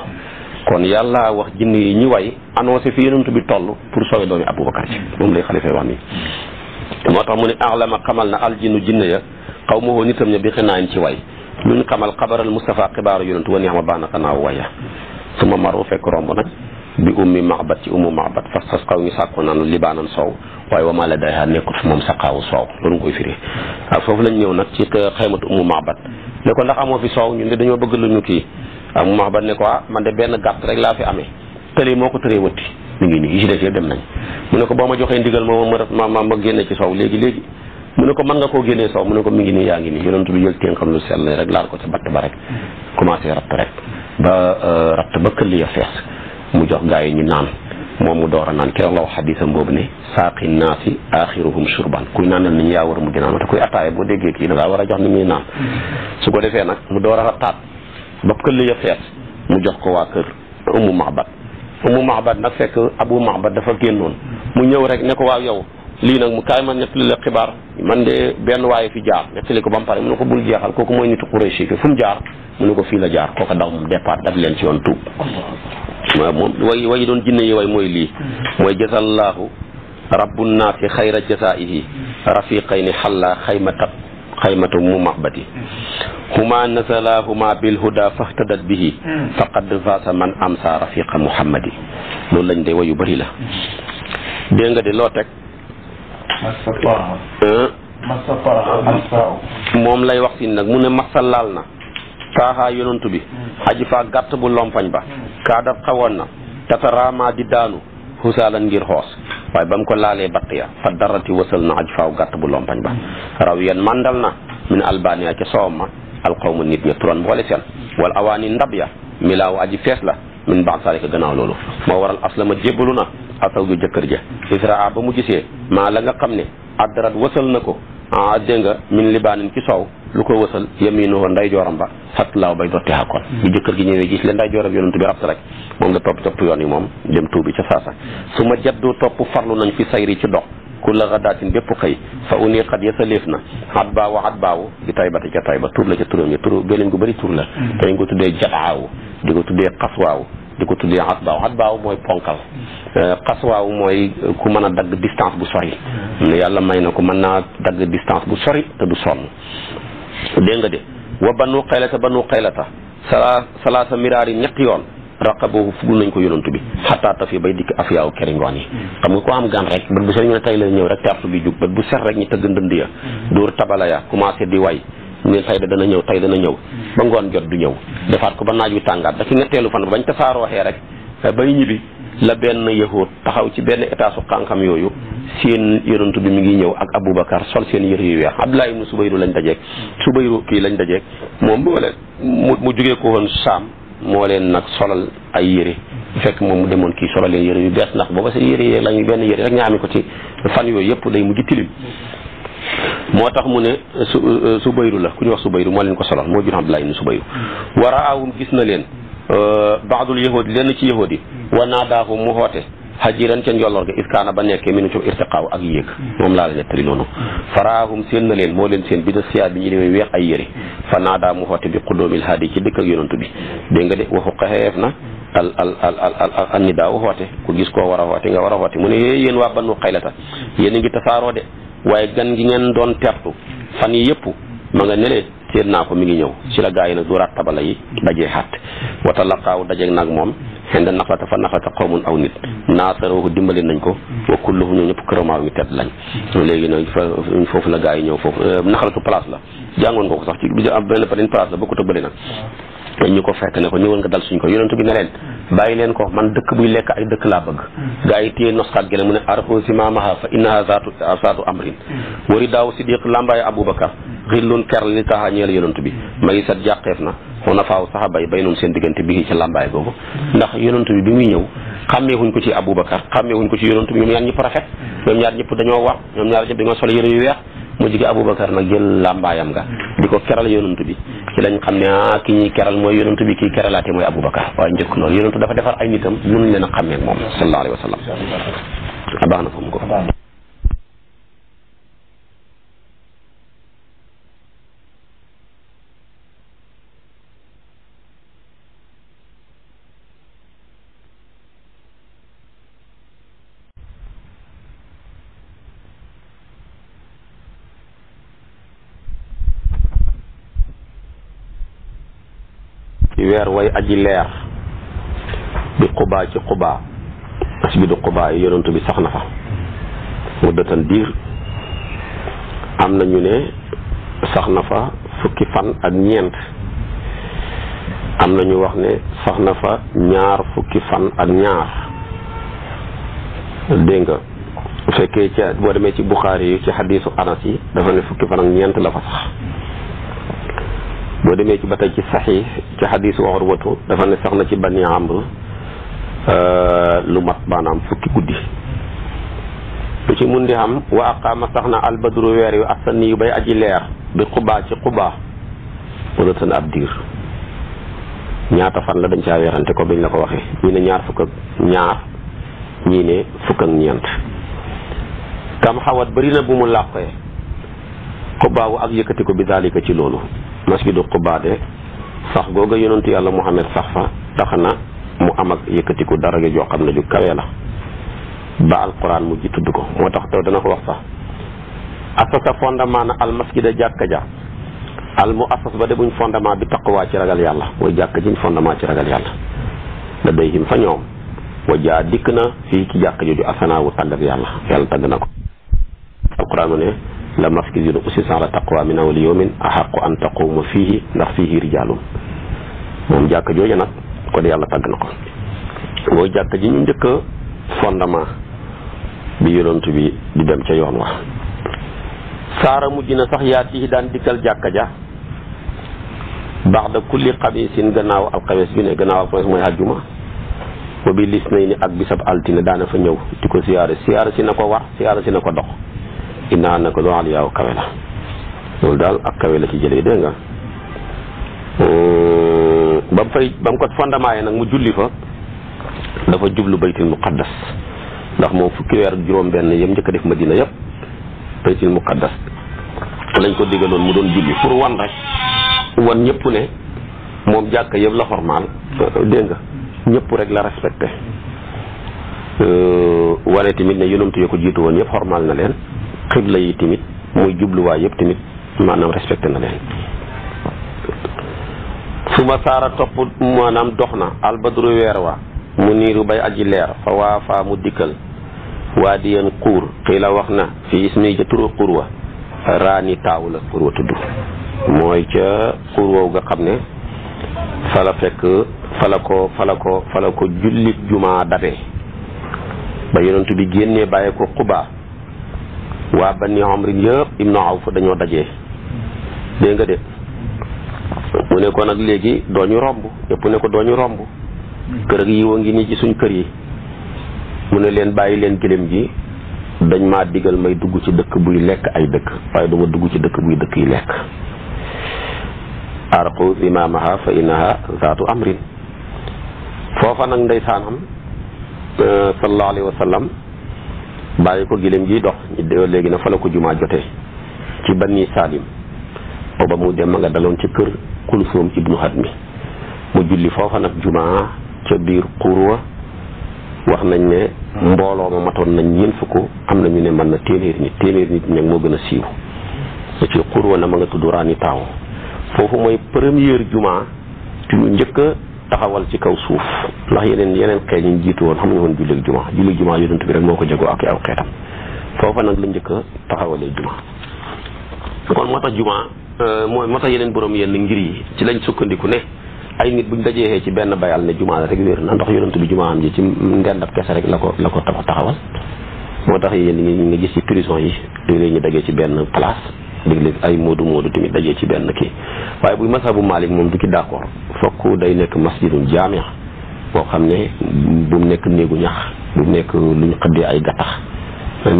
kon yàlla wax jinne yi ñi way annoncé fi yonent bi toll pour sauver doomi Aboubacar ci moom lay xalifa wax nii moo tax mu ne alama xamal na aljinnu jinne ya xaw ma woo nitam ña bi xinaayin ci way luñ xamal xabaral Moustapha xibaaru yonent wa neex ma baax na xanaa waya su ma maru fekk romb nag bi ummi maxbat ci ummu maxbat fas fas xaw ñu sàkko naanu libaanan soow waaye wa maa la dayha nekkul fi moom saqaawu soow loolu nga koy firi waaw foofu lañ ñëw nag ci xaymatu ummu maxbat ne ko ndax amoo fi soow ñun de dañoo bëgg lu ñu kii ummu maxbat ne ko ah man de benn gàtt rek laa fi amee tëlee moo ko tëree wëtti mi ngi nii yi si def yëpp dem nañ mu ne ko boo ma joxee ndigal moom ma def ma ma génne ci soow léegi léegi mu ne ko mën nga koo génnee soow mu ne ko mi ngi nii yaa ngi nii yonent bi jël ténkam lu sell rek laal ko ca batt ba rek commencé ratt rek ba euh, ratt ba këll ya fees mu jox gaa yi ñu naan moom mu door a naan keroog la wax xadisam boobu ne saaqi naasi axiruhum shurban kuy naanal nit ñi yaa war a mujj naan te kuy attaaya boo déggee kii da ngaa war a jox nit ñuy naan su ko defee nag mu door a rattaat ba këll ya fees mu jox ko waa kër umu mahbat umu mahbat nag fekk abu mahbat dafa génnoon mu ñëw rek ne ko waaw yow lii nag mu kaay ma nettali la benn waaye fi ko ba mu pare mu ne ko bul jeexal kooku mooy nitu Quraysh ki fu mu jaar mu ne ko fii la jaar kooku daw mu départ daf leen ci yoon tuub waaw moom way way doon jinne yi way mooy lii mooy jazallaahu rabbu naasi xayra jazaihi rafiqayni xalla xaymata xaymatu mu mahbati huma nasalahuma bil huda fahtadat bihi faqad faasa man amsa rafiqa muhammadi loolu lañ de wayu bëri la hmm. dégg nga de loo teg massa euh, moom lay wax siin nag mu ne massa laal na taaxaa yonantu bi hmm. aji faa gàtt bu lompañ ba hmm. kaa xewoon xawoon na tataraamaa di daanu xusaalan ngir xoos waaye ba mu ko laalee batt ya fa darati wasal na aj gàtt bu lompañ ba hmm. raw yan mandal na min albania ca soowam ma alxawma nit ña turan boole seen wala awaani ndab ya milaaw aji la min baax saalika gannaaw loolu moo waral aslama jébbalu na asaw ju jëkkër ja israa ba mu gisee maa la nga xam ne addarat wasal na ko ah dégg nga min libaanin ci soow lu ko wasal yaminu ko ndeyjooram ba satlaaw bay dotti xakkoon bu jëkkër gi ñëwee gis la ndeyjooram yonent bi rab rek yoon yi moom dem tuubi ca saasa su ma jaddu topp farlu nañ fi sayri ci dox ku la xadaatin bépp xëy fa uni xat ya sa léef na at baawu at baawu di taybata ca tayba tur la ca turam ya tur beneen gu di ko tuddee waaw di ko tuddee xatbaaw baaw mooy ponkal euh, waaw mooy ku mën a dagg distance bu sori hmm. yàlla may na ko mën naa dagg distance bu sori te du sonn dégg nga de wa banu xaylata banu xaylata salaa salaasa miraar yi ñetti yoon raqa boobu fugul nañ ko yonantu bi xataa taf yi bay dikk afiyaaw keringoon yi hmm. xam nga ko am gan rek bët bu set ñu ne tey la ñëw rek te artu bi jug bët bu set rek ñu tëgg ndënd ya hmm. dóor tabala ya commencé di way ne tay da dana ñëw tay dana ñëw hmm. ba ngoon jot du ñëw defaat ko ba naaj wi tàngaat ba ci ñetteelu fan bañ tasaarooxee rek bay ñibbi la benn yahut taxaw ci benn état su xànkam yooyu hmm. seen yonantu bi mi ngi ñëw ak Aboubacar sol seen yëre yu weex Abdullah ibnu Subayru lañ dajeeg hmm. Subayru kii lañ dajeeg moom moo leen mu mu jugee ko woon Saam moo leen nag solal ay yëre fekk moom mu demoon kii solal leen yëre yu bees ndax booba sa yëre yee lañu benn yëre rek ñaami ko ci fan yooyu yëpp day mujj tilim moo tax mu ne euh, su euh, euh, subayru la ku ñu wax subayru moo leen ko solal moo jur Abdullah ibn subayru hmm. wa raawum gis na leen baadul yahud lenn ci yahud yi hmm. wa naadaahum mu xoote hajiran ca njolloor ga iskaana ba nekkee mi nu ci irtiqaaw ak yéeg hmm. moom laa la nettali noonu faraahum seen na leen moo leen seen bi na siyaa bi ñu demee weex ay yére fa naadaa mu xoote bi xudóomil haadi ci dëkk ak yonantu bi dégg nga de waxu xexeef na al al al al al al nidaa wu gis koo war a xoote nga war a xoote mu ne yéen waa banu xaylata yéen a ngi tasaaroo waaye gan gi ngeen doon tertu fan yi yëpp ma nga nelee séen naa ko mi ngi ñëw ci la gaa yi nag dooraat tabala yi dajee xaat wata laqaaw dajeeg nag moom xen da nafata fa nafata xawmun aw nit naasarooku dimbalee nañ ko wa kulluhu ñoo ñëpp këramaaw ñu tedd lañ léegi nag foofu la gaa yi ñëw foofu euh, naxalatu place la jàngoon ko ko sax ci benn benn place la bokkut ak bële nag ñu ko fekk ne ko ñëwal nga dal suñ ko yonentu bi ne leen bàyyi leen ko man dëkk buy lekk ay dëkk laa bëgg gaa yi téye nosxaat gi ne mu ne arxosimaamaha fa innaha zaatu zaatu amrin wari daaw sidiq làmbaay aboubacar xillun kerl li taxa ñeel yonentu bi may sat jàqeef na xona faaw saxaba yi bay noonu seen diggante bi ci làmbaay googu ndax yonentu bi bi muy ñëw xàmmeewuñ ko ci aboubacar xàmmeewuñ ko ci yonentu bi ñoom ñaar ñëpp rafet ñoom ñaar ñëpp dañoo wax ñoom ñaar ñëpp dañoo sol yére yu weex mu jige aboubacar nag jël làmbaayam nga di ko keral bi ci lañu xam ne ah ki ñuy keral mooy yonentu bi kii keralaate mooy Aboubacar waaye njëkk loolu yonentu dafa defar ay nitam mënuñ leen a xàmmee moom sallallahu alayhi wa sallam. baax na fa mu ko. weer way aji leer bi xubaa ci xubaa masjidu xubaa yi yonantu bi sax na fa mu diir am na ñu ne sax na fa fukki fan ak ñeent am na ñu wax ne sax na fa ñaar fukki fan ak ñaar dégg nga bu fekkee ca boo demee ci buxaari yi ci xadiisu anas yi dafa ne fukki fan ak ñeent la fa sax boo demee ci ba tey ci saxiix ci xadiisu Urwatu dafa ne sax na ci bani amr euh, lu mat maanaam fukki guddi lu ci mun di xam wa aqaama sax na albadru weer yu asani yu bay aji leer bi xubaa ci xubaa wala tan ab diir ñaata fan la dañ ca weerante ko biñ la ko waxee ñi ne ñaar fukk ak ñaar ñii ne fukk ak ñeent kam xawat bari na bu mu làqee xubaawu ak yëkkati ko bi daalika ci loolu masjidu qubaade sax googa yonentu yàlla Muhammad sax fa tax na mu am ak yëkkatiku dara joo xam ne ju kawe la ba alquran mu ji tudd ko moo tax taw dana ko wax sax asasa fondement na al masjida jàkka ja al mu asas ba de buñ fondement bi waa ci ragal yàlla mooy jàkk jiñ fondement ci ragal yàlla da day him fa ñoom wa jaa dikk na fii ci jàkk jooju asanaawu tàggat yàlla yàlla tàgg na ko alquran mu ne la masjidun ussisa ala taqwa min awwali yawmin ahaqqu an taquuma fiihi ndax fiihi rijaalun moom jàkka jooja nag kon yàlla tàgg na ko mooy jàkka ji ñu njëkk a fondement bi bi di dem ca yoon wa saara mujj na sax yaat yi daan dikkal jàkka ja baax da kulli xamisin gannaaw alxames bi ne gannaaw alxames mooy àjjuma wa bi lis nay ni ak bisab altine daana fa ñëw di ko siyaare siyaare si na ko war siyaare si na ko dox innaa naka loo xam ne kawe la loolu daal ak kawe la ci jëlee dégg nga hmm, ba mu fay ba mu ko fondement yi nag mu julli fa dafa jublu baytil muqaddas ndax moom fukki weer juróom-benn yam njëkk a def madina yëpp baytil muqaddas lañ ko digaloon mu doon julli pour wan rek wan ñëpp ne moom jàkka yëpp la formal euh, dégg nga rek la respecté euh, wane tamit ne yonent yo ko jiitu woon yëpp formal na leen. xibla yi tamit muy jubluwaay yëpp tamit maanaam respecté na leen su ma saara topp maanaam dox na albadru weer wa mu niiru bay aji leer fa waa mu dikkal waa di yéen xuur xiila wax na fi ismi ca turu xuur wa raani taaw la xuur wa tudd mooy ca xuur woowu nga xam ne fala fekk fala ko fala ko fala ko jullit jumaa dabe ba yonentu bi génnee bàyyi ko xubaa waa bani amrin yëpp ibnu awf dañoo dajee dégg nga de mu ne ko nag léegi dooñu romb yëpp ne ko dooñu romb kër ak yiw a ngi nii ci suñ kër yi mu ne leen bàyyi leen gëléem gi dañ maa digal may dugg ci dëkk buy lekk ay dëkk waaye duma dugg ci dëkk buy dëkk yi lekk arqu imaamaha fa innaha zaatu amrin foofa nag ndeysaan am euh, sallallahu alayhi bàyyi ko giléem gi dox léegi na fa la ko jumaa jotee ci banni saalim booba mu dem a nga daloon ci kër kulsum ibnu hadmi mu julli foofa nag jumaa ca biir wa wax nañ ne mbooloo ma matoon nañ ñeent fukk am na ñu ne man na téeméer nit téeméer nit nag moo gën a siiw da ci xurwa na ma nga tudd taaw foofu mooy première jumaa ci ñu njëkk taxawal ci kaw suuf ndax yeneen yeneen xeet ñu jiitu woon xamuñu woon jullit juma jullit juma yonent bi rek moo ko jagoo ak aw xeetam foofa nag la njëkk a taxawalee juma kon moo tax juma euh, mooy moo tax yeneen borom yenn ngir yi ci lañ sukkandiku ne ay nit buñ dajeexee ci benn bayal ne juma rek wér na ndax yonent bi juma am ci ndendab kese rek la ko la ko taxawal moo tax yéen nga gis ci prison yi léeg-léeg ñu dajee ci benn place léeg-léeg ay moodu moodu tamit dajee ci benn kii waaye bu masabu Malik moom du ci d'accord fokk day nekk masjidun jaamia boo xam ne bu mu nekk néegu ñax nekk lu ñu xëddee ay gattax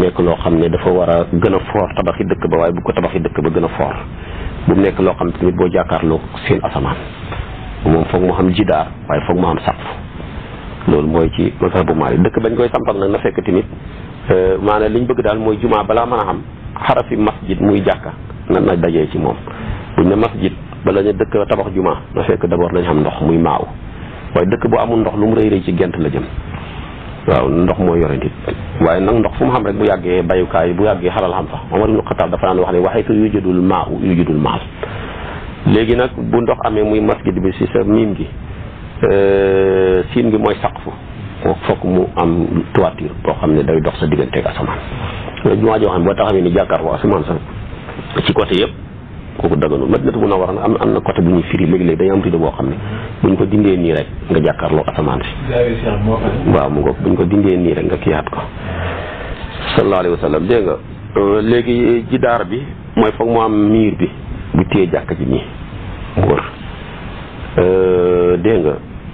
nekk loo xam ne dafa war a gën a foor tabaxi dëkk ba waaye bu ko tabaxi dëkk ba gën a foor bu mu nekk loo xam tamit boo jàkkaarloo seen asamaan moom foog mu xam jidaar waaye foog mu xam saqf loolu mooy ci masabu Malik dëkk bañ koy sampal nag na fekk tamit euh, maanaam ñu bëgg daal mooy jumaa balaa mën a am xarafi masjid muy jàkka na na dajee ci moom buñ ne masjid bala ñu dëkk tabax juma na fekk d'abord nañ xam ndox muy maaw waaye dëkk boo amul ndox lu mu rëy rëy ci gent la jëm waaw ndox moo yore nit waaye nag ndox fu mu xam rek bu yàggee bayukaay bu yàggee xaral xam ma Omar ibnu Xataab dafa naan wax ne waxee su yujudul maa yujudul maal léegi nag bu ndox amee muy masjid bi si sa miim gi euh, siin bi mooy saqfu ko fokk mu am toiture boo xam ne day dox sa diggante ak asamaan la jumaa joo xam ne boo taxawee ni jàkkaarloo asamaan sax ci côté yëpp kooku daganul Madinatu na am am na côté bu ñu firi léegi-léegi dañu am tudde boo xam ne buñ ko dindee nii rek nga jàkkaarloo asamaan si waaw mu ngoog buñ ko dindee nii rek nga kiyaat ko sallallahu alayhi wa sallam dégg nga euh, léegi jidaar bi mooy foog mu am miir bi bu téye jàkk ji nii mu wër euh, dégg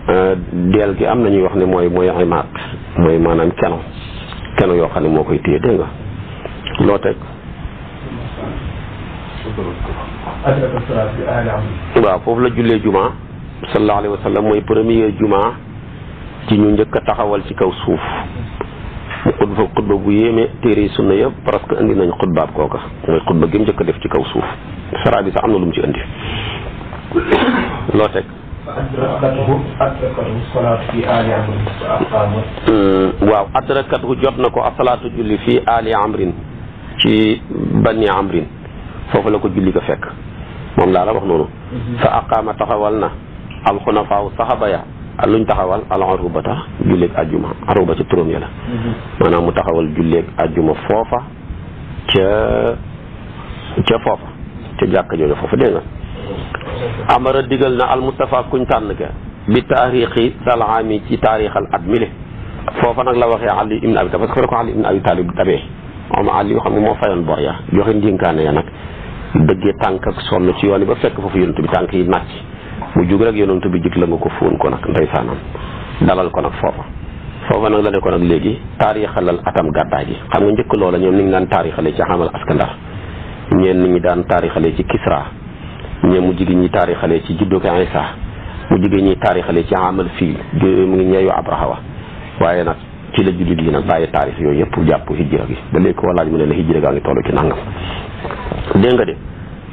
Euh, deel gi am na ñuy wax ne mooy mooy imaat mooy maanaam keno keno yoo xam ne moo koy téye dégg nga loo teg waaw foofu la jullee juma sallallahu alayhi wa sallam mooy premier juma ci ñu njëkk a taxawal ci kaw suuf mu xutba xutba bu yéeme téere yi sunna yëpp parce que indi nañ xutbaab kooka mooy xutba gi mu njëkk def ci kaw suuf saraa yi sax am na lu mu ci indi loo teg Euh, waaw adrakathu jot na ko asalaatu julli fii ali amrin ci bani amrin foofu la ko julli ko fekk moom laa la wax noonu mhm. fa aqaama taxawal na alxunafaaw saxaba ya luñ taxawal al arubata julleeg ajjuma aruba ci turam ya la mhm. maanaam mu taxawal julleeg ajjuma foofa ca ca foofa ca jàkk jooju foofa dégg nga amara digal na al Mustafa kuñ tànn ka bi taarixi salaami ci taarixal at mile foofa nag la waxee Ali ibn Abi Talib parce que fa la ko Ali ibn Abi Talib dabee xam nga moo fayoon bor ya joxe ndénkaane ya nag dëggee tànk ak sonn ci yoon yi ba fekk foofu yonent bi tànk yi nàcc mu jug rek yonent bi jig la nga ko fóon ko nag ndeysaanam dalal ko nag foofa foofa nag la ne ko nag léegi taarixalal atam gàddaay gi xam nga njëkk loola ñoom ni ngi daan taarixale ci xamal askandar ñeen ñi daan taarixale ci Kisra ñee mujj gi ñuy taarixale ci juddu ko Isa mujj gi ñuy taarixale ci amal fii mu ngi ñeeyu Abraha wa waaye nag ci la jullit yi nag bàyyi taarix yooyu yëpp jàpp hijra gi ba léegi ko wallaaj mu ne la hijra gaa ngi toll ci nangam dégg nga de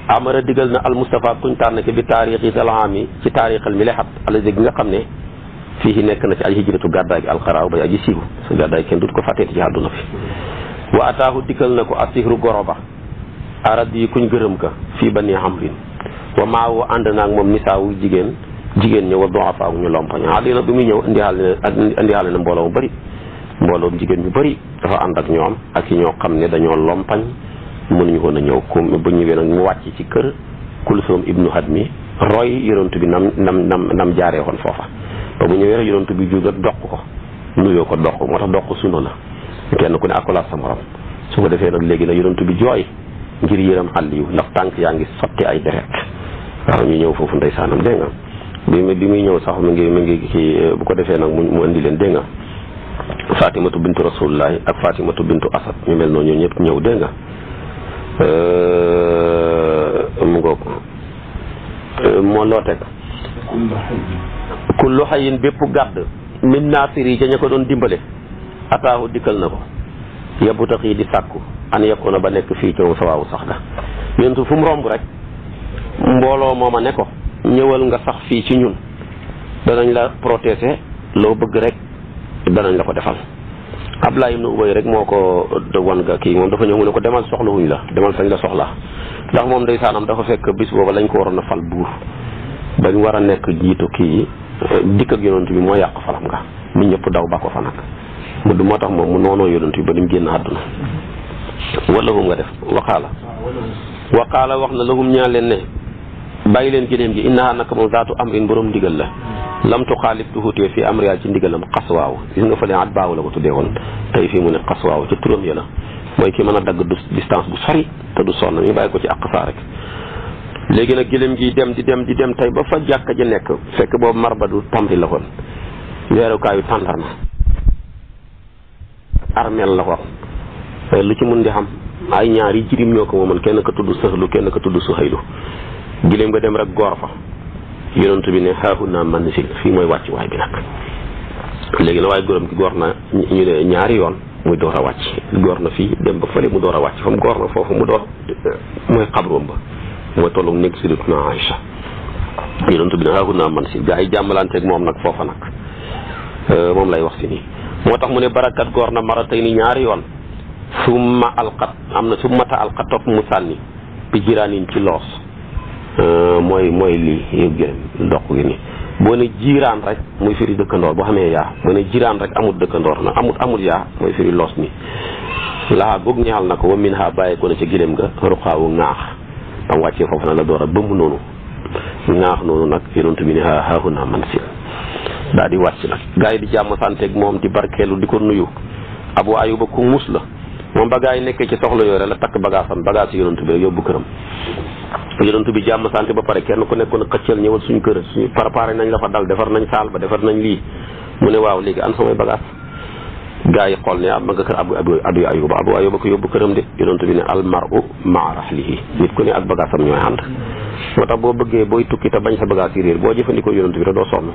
amara digal na al Mustafa kuñ tànn ki bi taarix yi salaami ci taarixal mi lay xat gi nga xam ne fii nekk na ci ay hijratu gàddaay gi alxaraaw ba aji siibu sa gàddaay kenn dut ko fàtteeti ci àdduna fi wa ataahu dikkal na ko asihru goroba arad yi kuñ gërëm ka fii ba ni amrin wa maawu ànd naag moom nisaawu jigéen jigéen ñi wa doxafaa ñu lompoñ Ali la bi muy ñëw indiwaale indiwaale na mbooloo mu bari mbooloom jigéen ñu bari dafa ànd ak ñoom ak yi ñoo xam ne dañoo lompañ mënuñu ko na ñëw ko bu ñëwee nag mu wàcc ci kër kulsoom ibnu Hadmi roy yonent bi nam nam nam nam jaaree woon foofa ba mu ñëwee rek yonent bi juuga doq ko nuyoo ko doq moo tax doq sunu la kenn ku ne akulaat sa morom su ko defee nag léegi nag yonent bi jooy ngir yërëm xàll yu ndax tànk yaa ngi sotti ay deret waaw ñu ñëw foofu ndeysaanam dégg nga bi bi muy ñëw sax mu ngi mu ngi kii bu ko defee nag mu indi leen dégg nga fatimatu bintu rasulillahi ak fatimatu bintu asad ñu mel noonu ñoo ñëpp ñëw dégg nga mu ngoog moo loo teg kullu xayin bépp gàdd min naasir yi ca ko doon dimbale ataahu dikkal na ko yebbu tax yi di sàkku an yekkoona ba nekk fii ci sawaawu sax ga yéen fu romb rek mbooloo mooma ne ko ñëwal nga sax fii ci ñun danañ la protéger loo bëgg rek danañ la ko defal Ablaay ibnu Ubay rek moo ko wan ga kii moom dafa ñëw mu ne ko demal soxlawuñ la demal sañ la soxla ndax moom ndeysaanam dafa fekk bis boobu lañ ko waroon a fal buur bañ war a nekk jiitu kii eh, dikk ak yonent bi moo yàq falam nga nit ñëpp daw ba ko fa nag mu du moo tax moom mu noonoo yonent bi ba ni mu génn àdduna wala hum nga def waqaala waqaala wax na lahum ñaa leen bàyyi leen gëléem gi innaha naka moom zaatu amrin borom ndigal la lam tuxaalib du xuutee fii am riyaa ci ndigalam xaswaaw gis nga fële at baaw la ko tuddee woon tey fii mu ne xaswaaw ci turam ya na mooy ki mën a dagg distance bu sori te du sonn mi bàyyi ko ci àq saa rek léegi nag gëléem gi dem di dem di dem tey ba fa jàkka ji nekk fekk boobu marbadu tamri la kon weerukaayu tàndarma armeel la ko lu ci mun di xam ay ñaari jirim ñoo ko moomoon kenn ka tudd sëxlu kenn ka tudd suhaylu giléem nga dem rek goor fa yonent bi ne xaaxu naa man si fii mooy wàcc waay bi nag léegi la waaye góoram gi goor na ñu ne ñaari yoon muy door a wàcc goor na fii dem ba fële mu door a wàcc fam mu goor na foofu mu door mooy xabroom ba mooy tollu nekk si lut na Aïcha yonent bi ne xaaxu naa man si gaa yi jàmmalanteeg moom nag foofa nag euh, moom lay wax si nii moo tax mu ne barakat goor na mara tey ni ñaari yoon summa alqat am na summa ta alqat topp mu sànni bi jiraanin ci loos Euh, mooy mooy lii yëpp gën doq gi nii boo ne jiiraan rek muy firi dëkkandoor boo xamee yaa boo ne jiiraan rek amut dëkkandoor na amut amut yaa mooy firi loos mi laa goog ñaal na ko wa min ha bàyyi ko na ca giléem ga ruqaawu ŋaax bam wàccee foofu na la door a bëmm noonu ŋaax nag yonent bi ne ha haahu naa man nag gars yi di jàmm santeeg moom di barkeelu di ko nuyu abu ayuba ku muus la moom ba gars yi nekkee ci soxla yooyu rek la takk bagaasam bagaas yonent bi rek yóbbu këram yonent bi jàmm santé ba pare kenn ku nekkoon xëccal ñëwal suñ kër suñu préparé nañ la fa dal defar nañ saal ba defar nañ lii mu ne waaw léegi an samay bagage gaa yi xool ne am ma nga kër abu abu ayuba abu ayuba ko yóbbu këram de yonent bi ne almaru maa rahlihi nit ku ne ak bagaasam ñooy ànd moo tax boo bëggee booy tukki te bañ sa bagage yi réer boo jëfandikoo yonent bi te doo sonn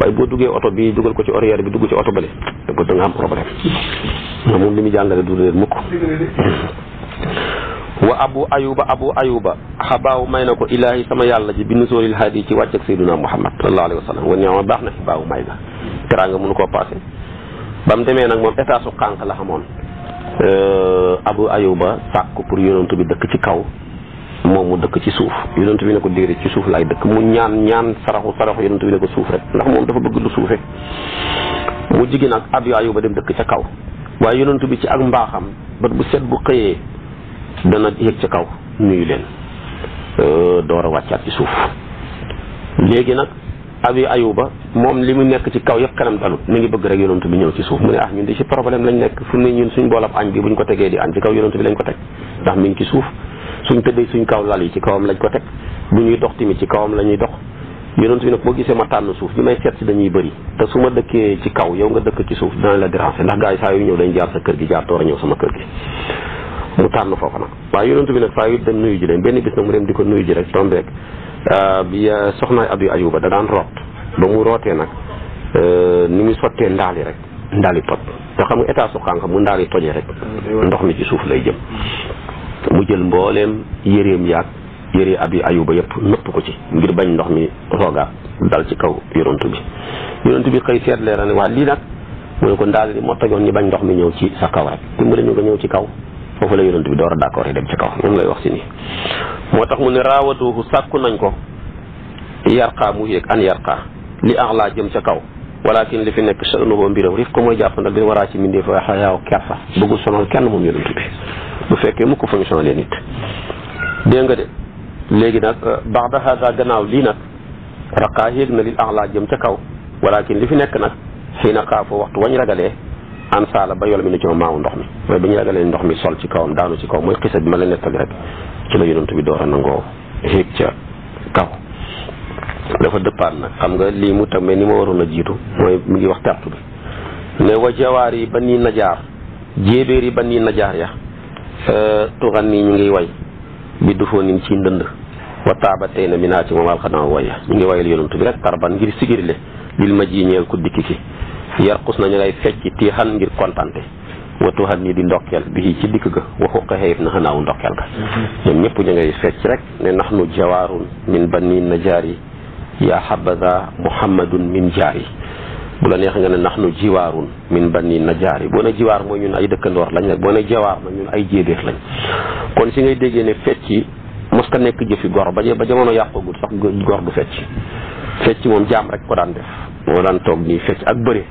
waaye boo duggee oto bi dugal ko ci arrière bi dugg ci oto bële da nga am problème moom li mu jàngale du réer mukk wa abu ayuba abu ayuba baaw may na ko ilaahi sama yàlla ji bi nusoolil haadi ci wàcc ak sayduna muhammad sallallahu alayhi wa sallam wan ñooma baax na xabaaw may na teraanga koo passé ba mu nag moom état xànq la xamoon euh, abu ayuba sàkk pour yonantu dëkk ci kaw moom mu dëkk ci suuf yonantu bi ne ko déedéet ci suuf laay dëkk mu ñaan ñaan saraxu saraxu yonantu bi ne ndax moom dafa bëgg lu suufe mu jigi nag abu dem dëkk ca kaw waaye yonantu bi ci ak mbaaxam bët bu set bu xëyee dana yëg ci kaw nuyu leen euh, door wàccaat ci suuf léegi nag abi ayuba moom li mu nekk ci kaw yëpp kanam dalut mi ngi bëgg rek yonantu bi ñëw ci suuf mu ne ah ñun di ci problème lañ nekk fu ne ñun suñ boolab añ bi buñ ko tegee di añ ci kaw yonantu bi lañ ko teg ndax mi ngi ci suuf suñ tëddee suñ kaw lal yi ci kawam lañ ko teg bu ñuy dox tamit ci kawam la ñuy dox yonantu bi nag boo gisee ma tànn suuf ñi may seet si dañuy bëri te su ma dëkkee ci kaw yow nga dëkk ci suuf dana la déranger ndax gars yi ñëw dañ jaar kër gi jaar toor ñëw sama kër gi mu tànn foofu nag waaye yonent bi nag faa yu dem nuyu ji leen benn bis nag mu dem di ko nuyu rek tombeek ah, bi ah, soxna Abi Ayuba da daan root ba mu rootee nag euh, ni muy sottee ndaali rek ndaali pot te xam nga état su xànq mu ndaali tojee rek ndox mi ci suuf lay jëm mu jël mbooleem yéreem yaag yére Abi Ayuba yëpp nëpp ko ci ngir bañ ndox mi roogaat dal ci kaw yonent bi yonent bi xëy seetlee ra ne waa lii nag mu ne ko ndaali li moo tojoon ñu bañ ndox mi ñëw ci sa kaw ñu nga ñëw ci kaw foofu la yonent bi door a d'accord yi dem ci kaw moom lay wax si nii moo tax mu ne raawatuuhu sàkku nañ ko yarqaa mu yéeg an yarqaa li en laa jëm ca kaw walakin li fi nekk sha'nuhu mbiram rif ko mooy jàppandal bi waraa ci mbindee fa xayaaw kersa bëggul sonal kenn moom yonent bi bu fekkee mukk fa ñu sonalee nit dégg nga de nag euh, ba'da hada gannaaw lii nag raqaa yéeg na li en laa jëm ca kaw walakin li fi nekk nag xii na xaafoo waxtu wañ ragalee an ba yola mi ne ci moom maawu ndox mi mooy ba ñu ragalee ndox mi sol ci kawam daanu ci kaw mooy xisa bi ma la nettali rek ci la yonent bi door a nangoo xéeg ca kaw dafa dëppaat nag xam nga lii mu tamit ni ma waroon a jiitu mooy mu ngi wax tertu bi ne wa jawaar yi ba nii najaar jéebéer yi ba nii najaar ya euh, tuxan nii ñu ngi way bi dufoo nin ci ndënd wa taaba tey na mi naa ci moom alxanaa woy ya ñu ngi wayal yonent bi rek tarban ngir ma ji ñeel ku yarqus nañu lay fecc tiixan ngir kontante watuxal nii di ndokkeel bi ci dikk ga waxu xëxeyib na xanaawu ndokkeel ga ñoom ñëpp ñu ngay fecc rek ne nax nu jawaarun min bani najaar yi yaa xabaza muhammadun min jaar yi bu la neex nga ne nax nu jiwaarun min bani najaar yi boo ne jiwaar mooy ñu ñun ay dëkkandoor lañ nag boo ne jawaar mooy ñun ay jéebéer lañ kon ci ngay déggee ne fecc mos ka nekk jëfi gor ba ba jamono yàqagul sax gor du fecc fecc moom jaam rek ko daan daan toog nii fecc ak bëre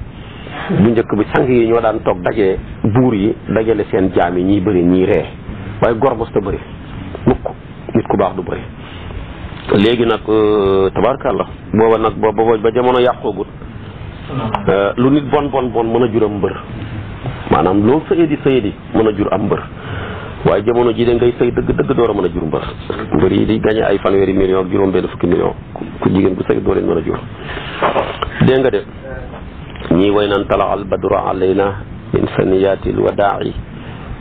bu njëkk bi sang yi ñoo daan toog daje buur yi dajale seen jaam yi ñiy bëri ñiy ree waaye gor mos ta bëri mukk nit ku baax du bëri léegi nag euh, tabaarkàlla booba nag booba ba jamono yàqoogut euh, lu nit bon bon bon mën a jur am mbër maanaam loo sëyadi sëyadi mën a jur am mbër waaye jamono ji de ngay sëy dëgg dëgg door a mën a jur mbër mbër yi di gagné ay fanweeri million ak juróom benn fukki million ku jigéen ku sëy doo leen mën a jur dégg de ñii way naan talaa al badru alayna min saniyati l wadaa'i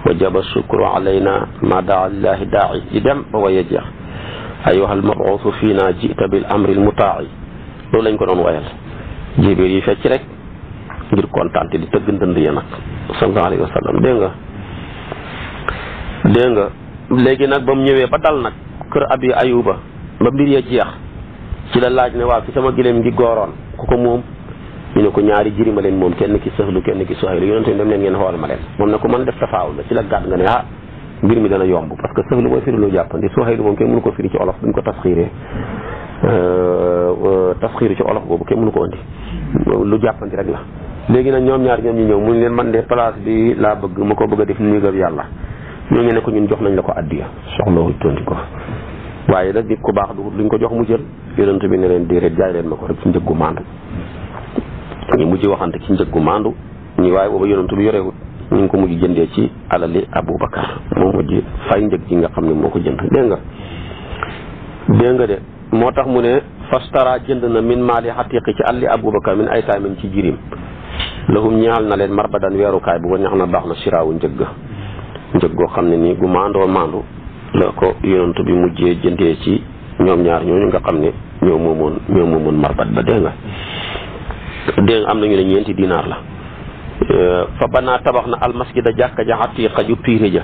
wajaba shukru ma daa lillahi daa'i di dem ba waye jeex ayuha al mabuusu fiina jita bil amri ko doon wayal jibiir yi rek kontaan te di tëgg ndënd ya nag sallallahu alayhi wa sallam nga dégg nag ba mu ñëwee ba dal nag kër abi ayuba ba mbir ya jeex ci la laaj ne waaw fi sama giléem ngi góoroon ku ko moom ñu ne ko ñaari jirima leen moom kenn ki sëxlu kenn ki soxaylu yonente ni dem leen ngeen xool ma leen moom ne ko mën def tafaaw la ci la gàtt nga ne ah mbir mi dana yomb parce que sëxlu mooy firi lu jàppandi soxaylu moom kenn mënu ko firi ci olof buñ ko tasxiiree euh, euh, tasxiiru ci olof boobu kenn mënu ko andi lu jàppandi rek la léegi nag ñoom ñaar ñoom ñu ñëw mu leen man de place bi laa bëgg ma ko bëgg a def ni ñu yàlla ñoo ngi ne ko ñun jox nañ la ko addiya soxlawul tonti ko waaye nag nit ku baax du luñ ko jox mu jël yonent bi ne leen déedéet jaay leen ma ko rek ci njëg gu ñu mujj waxante ci njëg gu maandu ñu waaye booba yonantu bi yorewut ñu ngi ko mujj jëndee ci alali Aboubacar moo mujj fay njëg ji nga xam ne moo ko jënd dégg nga dégg de moo tax mu ne fastara jënd na min maali xatiqi ci alli Aboubacar min ay taamin ci jirim lahum ñaal na leen marbadan weerukaay bu ko ñax na baax na siraawu njëg njëg goo xam ne nii gu maandoo maandu la ko yonantu bi mujjee jëndee ci ñoom ñaar ñooñu nga xam ne ñoo moomoon ñoo moomoon marbat ba dégg nga dégg am nañu ne ñeenti dinaar la euh, fa banaa tabax na almasjida jàkka ja atiqa ju piire ja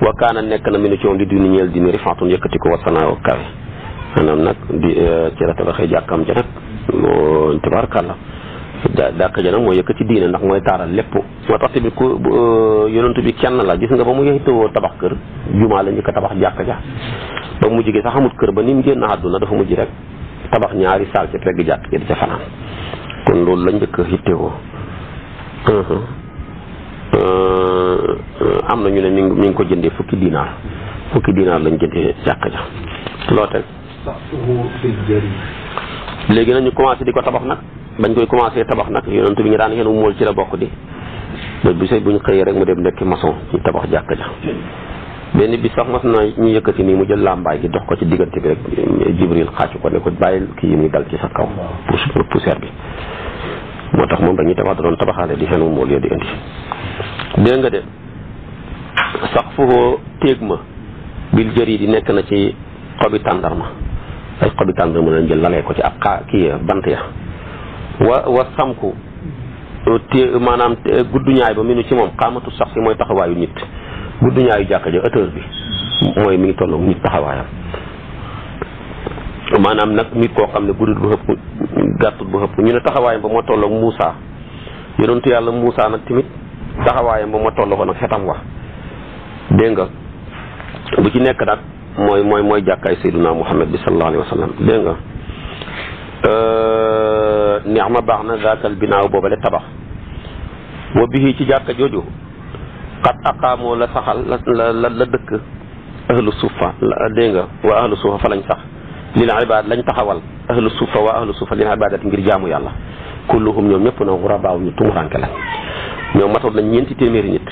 wa kaana nekk na minu ci moom di duni ñeel dini rifaatun yëkkati ko wasanaawo kawe maanaam nag di euh, ci la tabaxee jàkkaam ja nag moo tabaarkàlla jàkka ja nag moo yëkkati diine ndax mooy taaral lépp moo tax tamit ku euh, yonentu bi kenn la gis nga ba mu yëkkatoo tabax kër jumaa la njëkk a tabax jàkka ja ba mujj gi sax amut kër ba ni mu génn àdduna dafa mujj rek tabax ñaari saal ca pegg jàkk ja kon loolu lañ njëkk a yittewoo uh-huh. uh, am na ñu ne mi ngi mi ngi ko jëndee fukki dinaar fukki dinaar lañ jëndee jàkka ja loo teg léegi nag ñu di ko tabax nag bañ koy commencé tabax nag yonent bi ñu daan xenu mool ci la bokk di ba bu see bu ñu xëyee rek mu dem nekk maçon ñu tabax jàkka ja benn bi sax mas na ñu yëkkati nii mu jël làmbaay gi dox ko ci diggante bi rek jibril xàcc ko ne ko bàyyil kii yi muy dal ci sa kaw pour poussière bi moo tax moom dañuy tabax da doon tabaxaale di xenu mool yo di indi dégg nga de sax fofoo téeg ma bil jëri di nekk na ci xobi tàndarma ay xobi tàndarma lañ jël lalee ko ci ak xaa kii ya bant ya wa wa samku té maanaam gudduñaay ba minu ci moom xaamatu sax si mooy taxawaayu nit gudd ñaayu jàkka ja hauteur bi mooy mi ngi tolloog nit taxawaayam maanaam nag nit koo xam ne guddut bu xëpp gàttut bu xëpp ñu ne taxawaayam ba moo tolloog Moussa yonentu yàlla Moussa nag tamit taxawaayam ba moo tolloo ko nag xetam wax dégg bu ci nekk nag mooy mooy mooy jàkkaay sayyiduna Muhammad bi sallallahu alayhi wa sallam dégg nga euh, neex ma baax na zaakal binaaw boobale tabax wa bihi ci jàkka jooju xat aqaamoo la saxal la la la dëkk ahlu suufa dégg nga waa ahlu suufa fa lañ sax lil ibaad lañ taxawal ahlu suufa waa ahlu suufa lil ibaadat ngir jaamu yàlla kulluhum ñoom ñëpp na xurabaaw ñu tumuranke la ñoom matoon na ñeenti téeméeri nit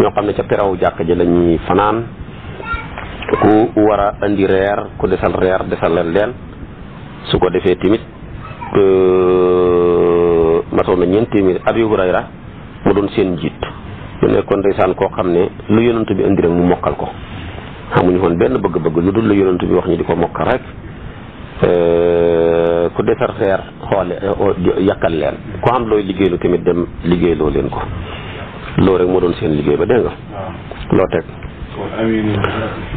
ñoo xam ne ca peraw jàkk ji la ñuy fanaan ku war a indi reer ku desal reer desalal leen su ko defee tamit euh, matoon na ñeenti téeméeri abi hurayra mu doon seen njiit mu nekkoon ndeysaan koo xam ne lu yonent bi indi rek mu mokkal ko xamuñu woon benn bëgg-bëgg lu dul lu yonent bi wax ñi di ko mokkal rek euh, ku defar xeer xoole euh, yàqal leen ku am looy liggéeylu tamit dem liggéey liggéeyloo leen ko loolu rek moo doon seen liggéey ba dégg nga loo teg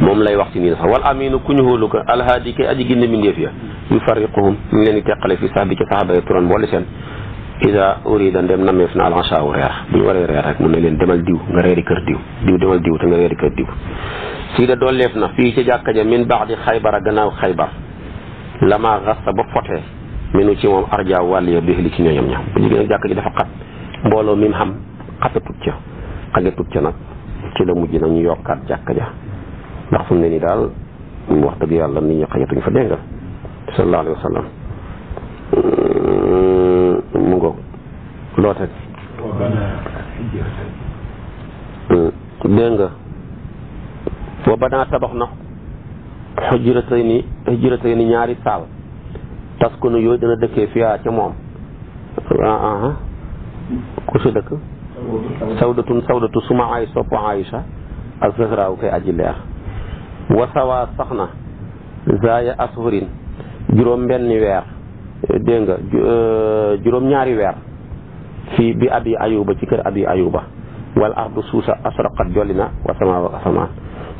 moom lay wax ci nii sax wal aminu ku ñu xóolu ko alhaadi kay aji ginne mbindéef ya hmm. yu fariquhum ñu leen di teqale fi sax bi ci saxaaba ya turan boole seen isa urida ndem nameef na alxasaawu ah. reer bu ñu waree reer rek mu ne leen demal diw nga reeri kër diw diw demal diw te nga reeri kër diw sii da dooleef na fii ci jàkka ja min baax di xaybar a gannaaw xaybar lamaa xasta ba fotee minu ci moom arjaaw wàlliya bixili ci ñooñam ña bu jigéen jàkka ji dafa xat mbooloo mi mu xam xatatut ca xajatut ca nag ci la mujj nag ñu yokkaat jàkka ja ndax fu mu ne nii daal wax dëgg yàlla nit ñi xajatuñ fa dégg nga sallallahu alayhi wa Euh, mu ngoog loo teg euh, dégg nga wa banaa tabax na xujratay ni xujratay ni ñaari saal taskunu yooyu dana dëkkee fiyaa ca moom aha ah, ah. ku si dëkk sawdatun sawdatu suma ay sopp Aïcha ak Zahra koy aji leer wasawaa sax na zaaya ashurin juróom benni weer dégg nga euh, juróom-ñaari weer ci bi abi ayuba ci kër abi ayuba wal ardu suusa asraqat jolli na wa sama wa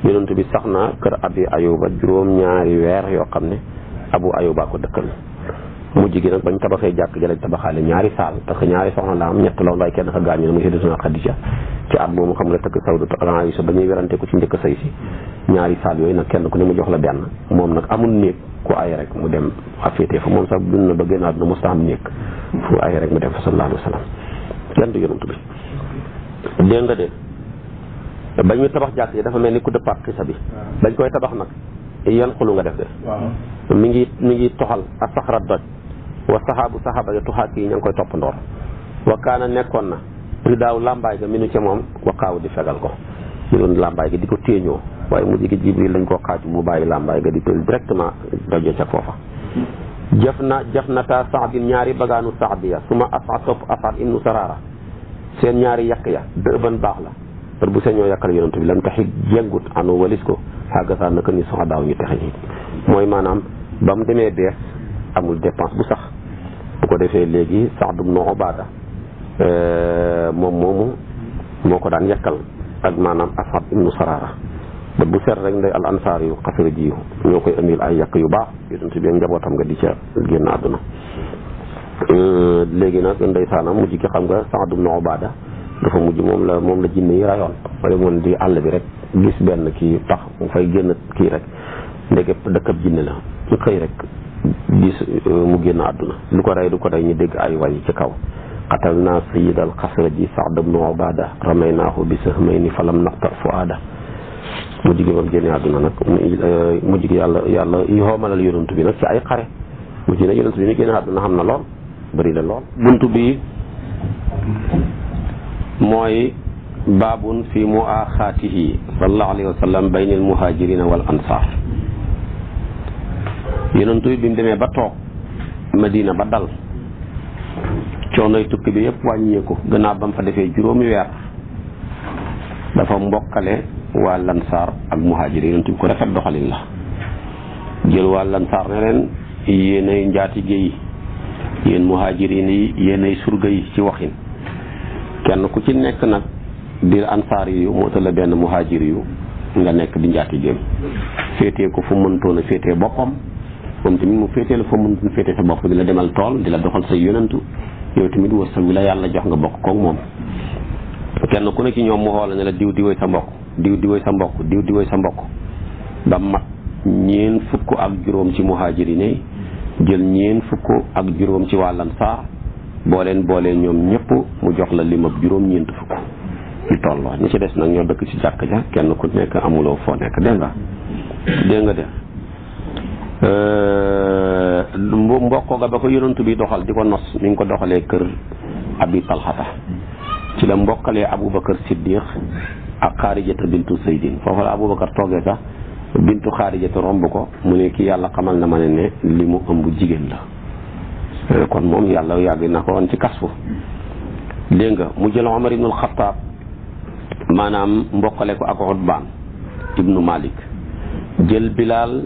bi sax na kër abi ayuba juróom-ñaari weer yoo xam ne abu ayuba ko dëkkal mujj gi nag bañ tabaxee jàkk ja lañ tabaxaale ñaari saal parce que ñaari soxna la am ñett la waaye kenn ka gaañu na muy Sayyidatuna Xadija ci at moomu xam nga takk Sawdatu Aysa ba ci njëkk ñaari saal yooyu nag kenn ku ne jox la benn moom nag amul néeg ku ay rek mu dem aféetee moom sax dund na ba génn àdduna mos am néeg fu ay rek mu dem fa sallallahu alayhi wa sallam kenn du yonent bi dégg nga de dafa mel ni ku dëppaat xisa bi bañ koy tabax nag yan xulu nga def de mi ngi mi ngi toxal ak saxarat doj wa saxaabu saxaaba ya tuxaat yi ña ngi koy toppandoor wa kaana nekkoon na ri daaw làmbaay ga minu ca moom waqaawu di fegal ko ñu doon làmbaay ga di ko téeñoo waaye mujj gi jibril lañ koo xaaj mu bàyyi làmbaay ga di ko directement daje ca foofa jëf na jëf na ta saxdin ñaari bagaanu saxdiya su ma asa topp asaat ibnu saraara seen ñaari yàq ya dëban baax la par bu seen ñoo yàqal yonent bi lam taxi jengut anu walis ko xàggasaan naka ni soxa daaw ñu texe yi mooy maanaam ba mu demee bees amul dépense bu sax bu ko defee léegi sax dum noo obaada euh, moom moomu moo ko daan yekkal ak maanaam asad ibnu sarara ba bu set rek nday al yu xasara jiyu ñoo koy indil ay yàq yu baax yonent bi ak njabootam nga di ca génn àdduna euh, léegi nag ndeysaanam mujj ki xam nga sax dum na obaada dafa mujj moom la moom la jinne yi rayoon fa demoon di àll bi rek gis benn kii pax mu fay génn kii rek ndeke dëkkab jinne la ñu xëy rek gis euh, mu génn àdduna lu ko rey lu ko rey ñu dégg ay way ci kaw xatal naa sayid al xasraji sax dab nu obada ramay naahu bi sahmay ni falam naxta fu aada mu jigi bam génne àdduna nag mu euh, jigi yàlla yàlla yoomalal yonent bi nag ci ay xare mu ci ne yonent bi mu génne àdduna xam na lool bëri la lool bunt bi mooy baabun fi muaxaatihi sallallahu alayhi wa sallam bayna al muhajirina wal ansar yonent bi mu demee ba toog Madina ba dal coonoy tukki bi yëpp wàññeeku gannaaw ba mu fa defee juróomi weer dafa mbokkale waa lansaar ak muhaajir yonent bi ko rafet doxalin la jël waa lansaar ne leen yéenay njaatige yi yéen muhaajir yi yéenay yi ci waxin kenn ku ci nekk nag biir ansaar yu moo ta benn muhaajir yu nga nekk di njaatigéem féetee ko fu mëntoon a féetee boppam moom tamit mu féetee la foo mënut a féetee sa bopp di la demal tool di la doxal sa yonantu yow tamit wërsëg sa la yàlla jox nga bokk kook moom. kenn ku ne ci ñoom mu xool ne la diw diwoy sa mbokk diw diwoy sa mbokk diw diwoy sa mbokk ba mat fukk ak juróom ci muhaajir yi ne jël ñeen fukk ak juróom ci wàllan boo leen boolee ñoom ñëpp mu jox la limab juróom ñeent fukk yu des nag ñoo dëkk ci jàkk ja kenn ku nekk amuloo foo nekk dégg nga dégg nga de Euh, mbokk ga ba ko yonantu bi doxal di ko nos mi ngi ko doxalee kër abi talxata ci la mbokkalee aboubacar siddiq ak xaarijata bintu saydin foofu la aboubacar toogee sax bintu xaarijata romb ko mu ne ki yàlla xamal na ma ne ne li mu ëmb jigéen la euh, kon moom yàlla yàgg na ko woon ci kasfu dégg nga mu jël omar ibnul xataab maanaam mbokkale ko ak utbaan ibnu malik jël bilaal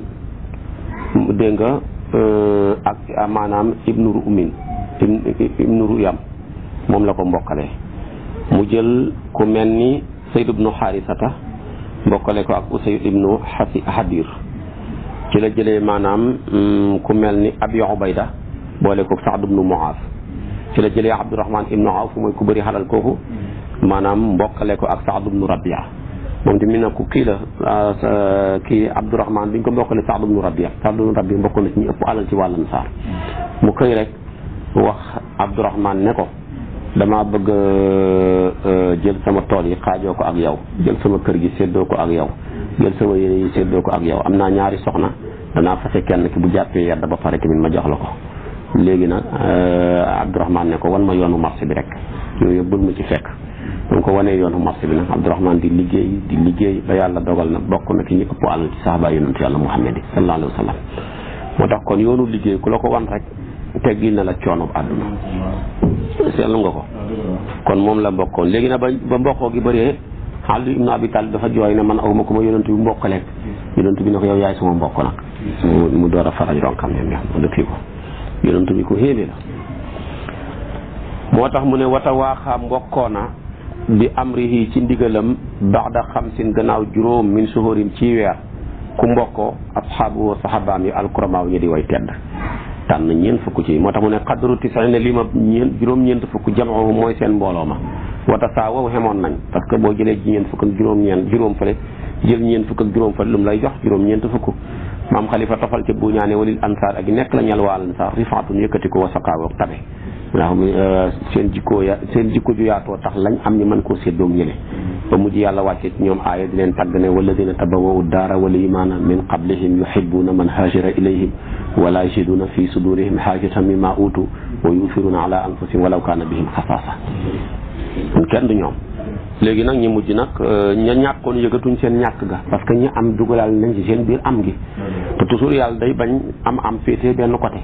dégg nga euh, ak ah, maanaam ibnu ru'min ibnu ru'yam moom la ko mbokkale mu jël ku mel ni sayd ibnu xaarisata mbokkale ko ak usayd ibnu hadir ci la jëlee maanaam mm, ku mel ni abi ubayda boole ko saad ibnu muaz ci la jëlee abdurahman ibnu awf mooy ku bari xalal kooku maanaam mbokkale ko ak saad ibnu rabia moom tamit nag ku kii la ah, kii Abdourahman bi ñu ko bokkale Saad ibnu Rabi'a Saad ibnu Rabi'a bokk na ci ñu ëpp alal ci wàllu Ansaar mu xëy rek wax Abdourahman ne ko damaa bëgg euh, euh, jël sama tool yi xaajoo ko ak yow jël sama kër gi séddoo ko ak yow jël sama yére yi séddoo ko ak yow am naa ñaari soxna danaa fase kenn ki bu jàppee yàdda ba pare tamit ma jox la ko léegi nag euh, Abdourahman ne ko wan ma yoonu marché bi rek yooyu yëpp bul mu ci fekk ba ko wanee yoonu marché bi nag Abdourahman di liggéey ba yàlla dogal na bokk na ci ñu ëpp alal ci saxaaba yonentu yàlla Muhammad sallallahu alayhi wa sallam moo tax kon yoonu liggéey ku la ko wan rek teggi na la coono àdduna seetlu nga ko kon moom la mbokkoon léegi nag ba ba mbokkoo gi bëree Ali ibn Abi Talib dafa jooy ne man awma ko ma yonent bi mbokkaleeg yonent bi ne ko yow yaay sama mbokk nag mu door a faraj ronkam ne mu dëkki ko yonent bi amrihi ci ndigalam xam xamsin gannaaw juróom min suhurin ci weer ku mbokkoo asxaabu wa saxaabaam yi alkuramaaw ñi di way tedd tànn ñeent fukk ci moo tax mu ne xadru tisina li ma ñeent ñeent fukk jam'uhu mooy seen mbooloo ma wata saa wow xemoon nañ parce que boo jëlee ci ñeent fukk ak juróom-ñeent juróom fële jël ñeent fukk juróom fële lu mu lay jox juróom-ñeent fukk maam xalifa tofal ca buñaane walil ansaar ak nekk la ñal waa ansaar rifaatun yëkkati ko wa saqaaw ak tabe ndax euh, seen jikko ya seen jikko ju yaatoo tax lañ am ñi man koo séddoog ñële mm. ba mujj yàlla wàcce ci ñoom aaya di leen tàgg ne walladina tabawawu daara wal imaana min qablihim yuhibbuna man haajara ilayhim wala yajiduna fi sudurihim haajatan mimma utu u yu'thiruna ala anfusihim walaw kaana bihim xasaasa kenn du ñoom léegi nag ñi mujj nag euh, ña ñàkkoon yëgatuñ seen ñàkk ga parce que ñi am dugalaal nañ ci seen biir am gi mm. te toujours yàlla day bañ am am féetee benn côté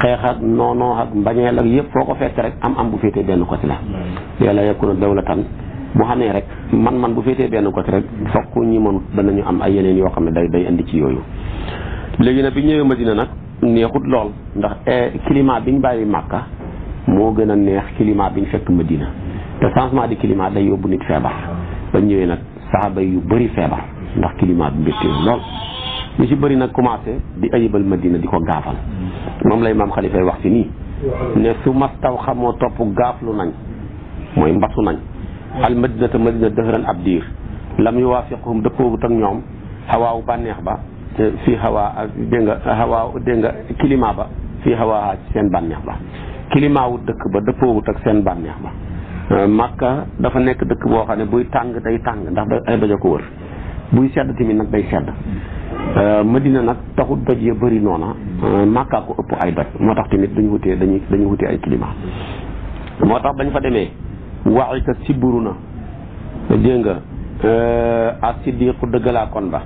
xeex ak noonoo ak mbañeel ak yëpp foo ko fekk rek am am bu féetee benn côté la yàlla yekku na dawlatan bu xamee rek man man bu féetee benn côté rek fokk ñi mënut danañu am ay yeneen yoo xam ne day day indi ci yooyu léegi nag bi ñëwee ma dina nag neexut lool ndax eh, climat bi ñu bàyyi Màkka moo gën a neex climat bi ñu fekk ma Madina te changement di climat day yóbbu nit feebar ba ñëwee nag saxaba yu bëri feebar ndax climat bi métti lool ñu ci bëri nag commencé di ayibal madina di ko gaafal moom lay maam xalifay wax ci nii ne su mastaw xamoo topp gaaflu nañ mooy mbasu nañ al madinata madina dëxëran ab diir lam yuwaafiquhum dëppoogut ak ñoom xawaaw bànneex ba fii xawaa dégg nga xawaaw dégg nga climat ba fii xawaa seen bànneex ba climat wu dëkk ba dëppoogut ak seen bànneex ba euh, Makka dafa nekk dëkk boo xam ne buy tàng day tàng ndax ay dajo ko wër buy sedd tamit nag day sedd Euh, Madina nag taxut doj ya bari noona euh, Màkka ko ëpp ay doj moo tax tamit dañu wutee dañuy dañu wutee ay climat moo tax dañ fa demee waxita siburu na dégg nga euh, a siddiqu dëggalaa kon ba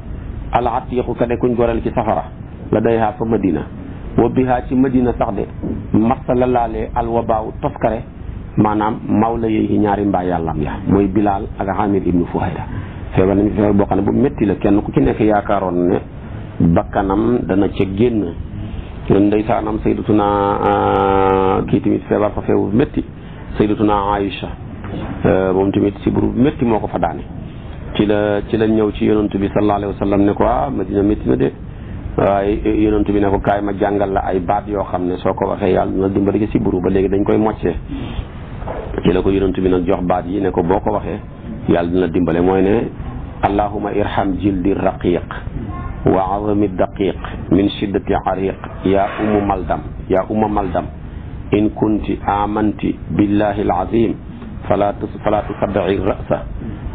alxatiqu ka de kuñ goreel ci safara la day xaa fa Madina wa bihaa ci Madina sax de massa la laalee alwabaaw toskare maanaam mawla yéy ñaari mbaa yàllam ya mooy Bilaal ak Amir ibnu Fuhayra feebar nañu feebar boo xam ne bu métti la kenn ku ci nekk yaakaaroon ne bakkanam dana ca génn ndeysaanam sayyidatuna ah, kii tamit feebar fa feebu métti sayyidatuna Aïcha euh, moom tamit si buru métti moo ko fa daane ci la ci la ñëw ci yonantu bi sallallahu alayhi wa sallam ne ko ah na de waaye e, bi ne ko kaay ma jàngal la ay baat yoo xam ne soo ko waxee yàlla dina si buru ba léegi dañ koy moccee ci la ko yonantu bi nag jox baat yi ne ko boo ko waxee yàlla dina dimbale mooy ne allahuma irham jildi raqiq wa azami daqiq min shiddati ariq ya umu maldam ya umma maldam in kunti amanti billahi alazim fala fala tusaddaci rasa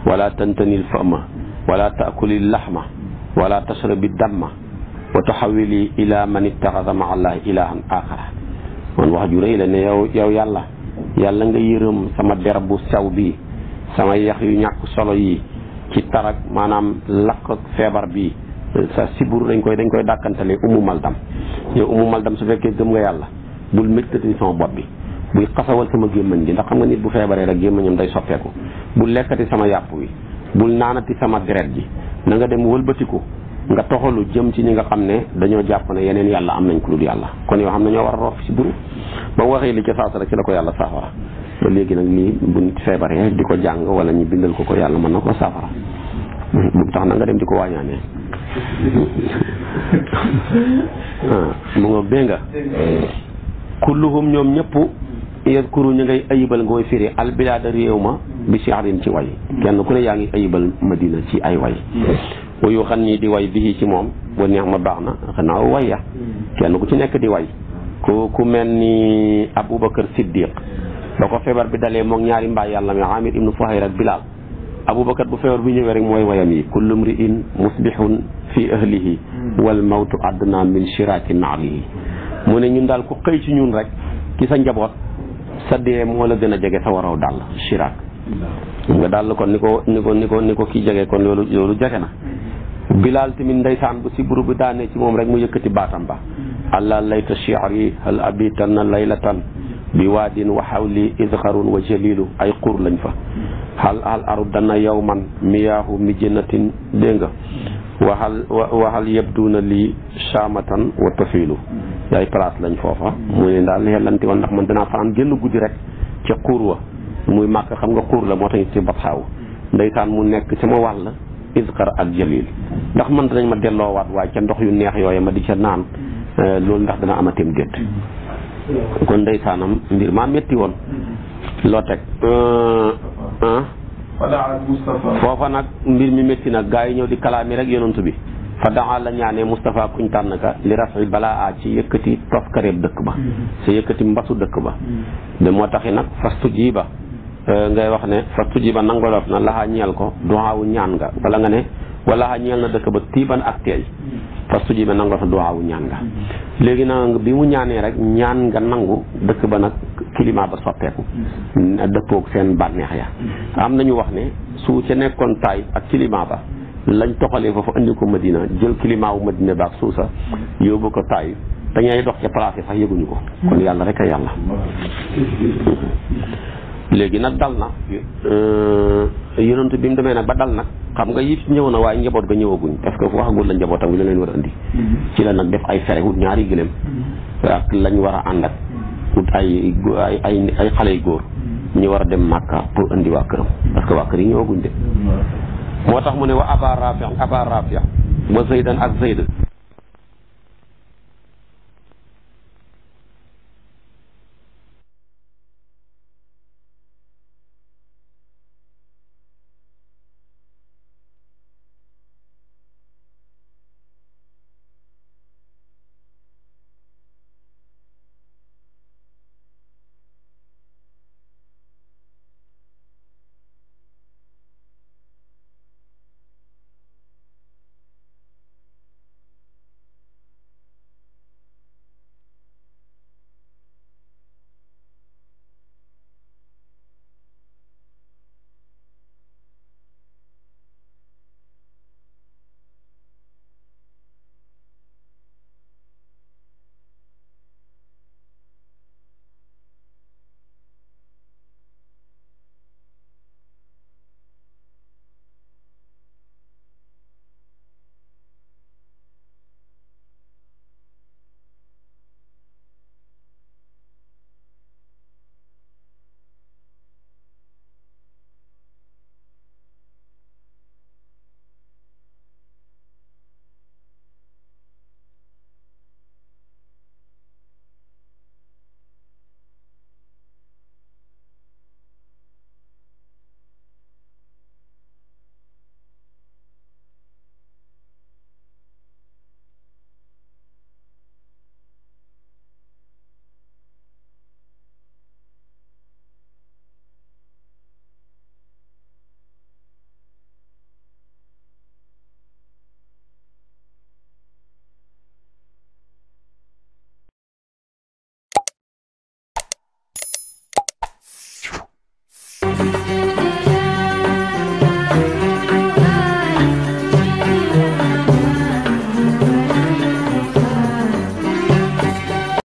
wala tantani lfama wala taakuli llahma wala tashrabi damma wa tahawili ila man ittaxada maa allahi ilahan axara man wax ju rëy la ne yow yow yàlla yàlla nga yërëm sama der bu sew bii sama yax yu ñàkk solo yi ci tarak maanaam lakk feebar bi sa sibur dañ koy dañ koy dàkkantale umu maldam yow umu maldam su fekkee gëm nga yàlla bul méttati sama bopp bi buy xasawal sama gémmañ bi ndax xam nga nit bu feebaree rek gémmañam day soppeeku bul lekkati sama yàpp wi bul naanati sama deret ji na nga dem wëlbatiku nga toxalu jëm ci ñi nga xam ne dañoo jàpp ne yeneen yàlla am nañ ku dul yàlla kon yoo xam ne ñoo war a roof ci duru ba waxee li ca saasa rek ci la ko yàlla saafara ba léegi nag nii bu nit feebaree di ko jàng wala ñu bindal ko ko yàlla mën na ko saafara bu tax na nga dem di ko waañaanee ah, mu nga bé nga kulluhum ñoom ñëpp yadkuru ñu ngay ayibal nga koy firi albilaada réew ma bi shahrin ci way kenn ku ne yaa ngi ayibal madina ci ay way wayu xam nii di way bii ci moom bu neex ma baax na xanaa way ya kenn ku ci nekk di way ku ku mel ni Aboubacar Siddiq ba ko feebar bi dalee moog ñaari mbaay yàlla mi Amir ibnu Fuhayr ak Bilal Aboubacar bu feebar bi ñëwee rek mooy wayam yi kullu mri'in musbihun fi ahlihi hmm. wal mawtu adna min shiraki naalihi mu ne ñun daal ku xëy ci ñun rek ci sa njaboot sa dee moo la gën a jege sa waraw dàll shirak hmm. nga dàll kon ni ko ni ko ni ko ni ko kii jege kon loolu na bilaal tamit ndeysaan bu sibru bi daanee ci moom rek mu yëkkati baatam ba allah layta shi'ri hal abitanna laylatan bi waadin wa xawli izxarun wa jalilu ay xur lañ fa hal hal arudana yawman miyaahu mijannatin dégg nga waxal waxal yabduuna lii saamatan wa tafilu yaay place lañ foofa mu ne daal xelanti woon ndax man danaa fanaan génn guddi rek ca xuur wa muy màkk xam nga xuur la moo tax ci batxaaw ndeysaan mu nekk sama la isqar ak jalil ndax mën nañ ma delloowaat waaye ca ndox yu neex yooyu ma di ca naan eh, loolu ndax dana amatem déet kon ndeysaanam mbir maa metti woon loo teg ah foofa nag mbir mi métti nag gaa yi ñëw di kalaami rek yonantu bi fa daa la ñaanee Moustapha kuñ tànn ka li rafi balaa ci yëkkati toskareeb dëkk ba sa yëkkati mbasu dëkk ba mm. da moo taxi nag fastu jiiba Euh, ngay wax ne fa ba nangolof na laxaa ñeel ko duwaawu ñaan nga wala nga ne wala laxaa ñeel na dëkk ba tiiban ak teey fa ba nangolof na duwaawu ñaan nga léegi nag bi mu ñaanee rek ñaan nga nangu dëkk ba nag climat ba soppeeku dëppoog seen bànneex ya am na ñu wax ne su ca nekkoon taay ak climat ba lañ toxalee foofu indi ko ma Madina jël climat wu Madina ba ak suusa yóbbu ko taay dañay dox ca place yi sax yëguñu ko kon yàlla rek a yàlla léegi nag dal na euh, yonent bi mu demee nag ba dal nag xam nga yëpp ñëw na waaye njaboot ba ñëwaguñ parce que waxagul la njabootam gi la leen war a indi mm-hmm. ci la nag def ay fere wut ñaari gëléem mm-hmm. ak lañ war a ànd ak wut ay ay ay xale yu góor mm-hmm. ñu war a dem Màkka pour indi waa këram parce que waa kër yi ñëwaguñ de moo tax mu ne wa aba rafia aba rafia wa zaydan ak zayda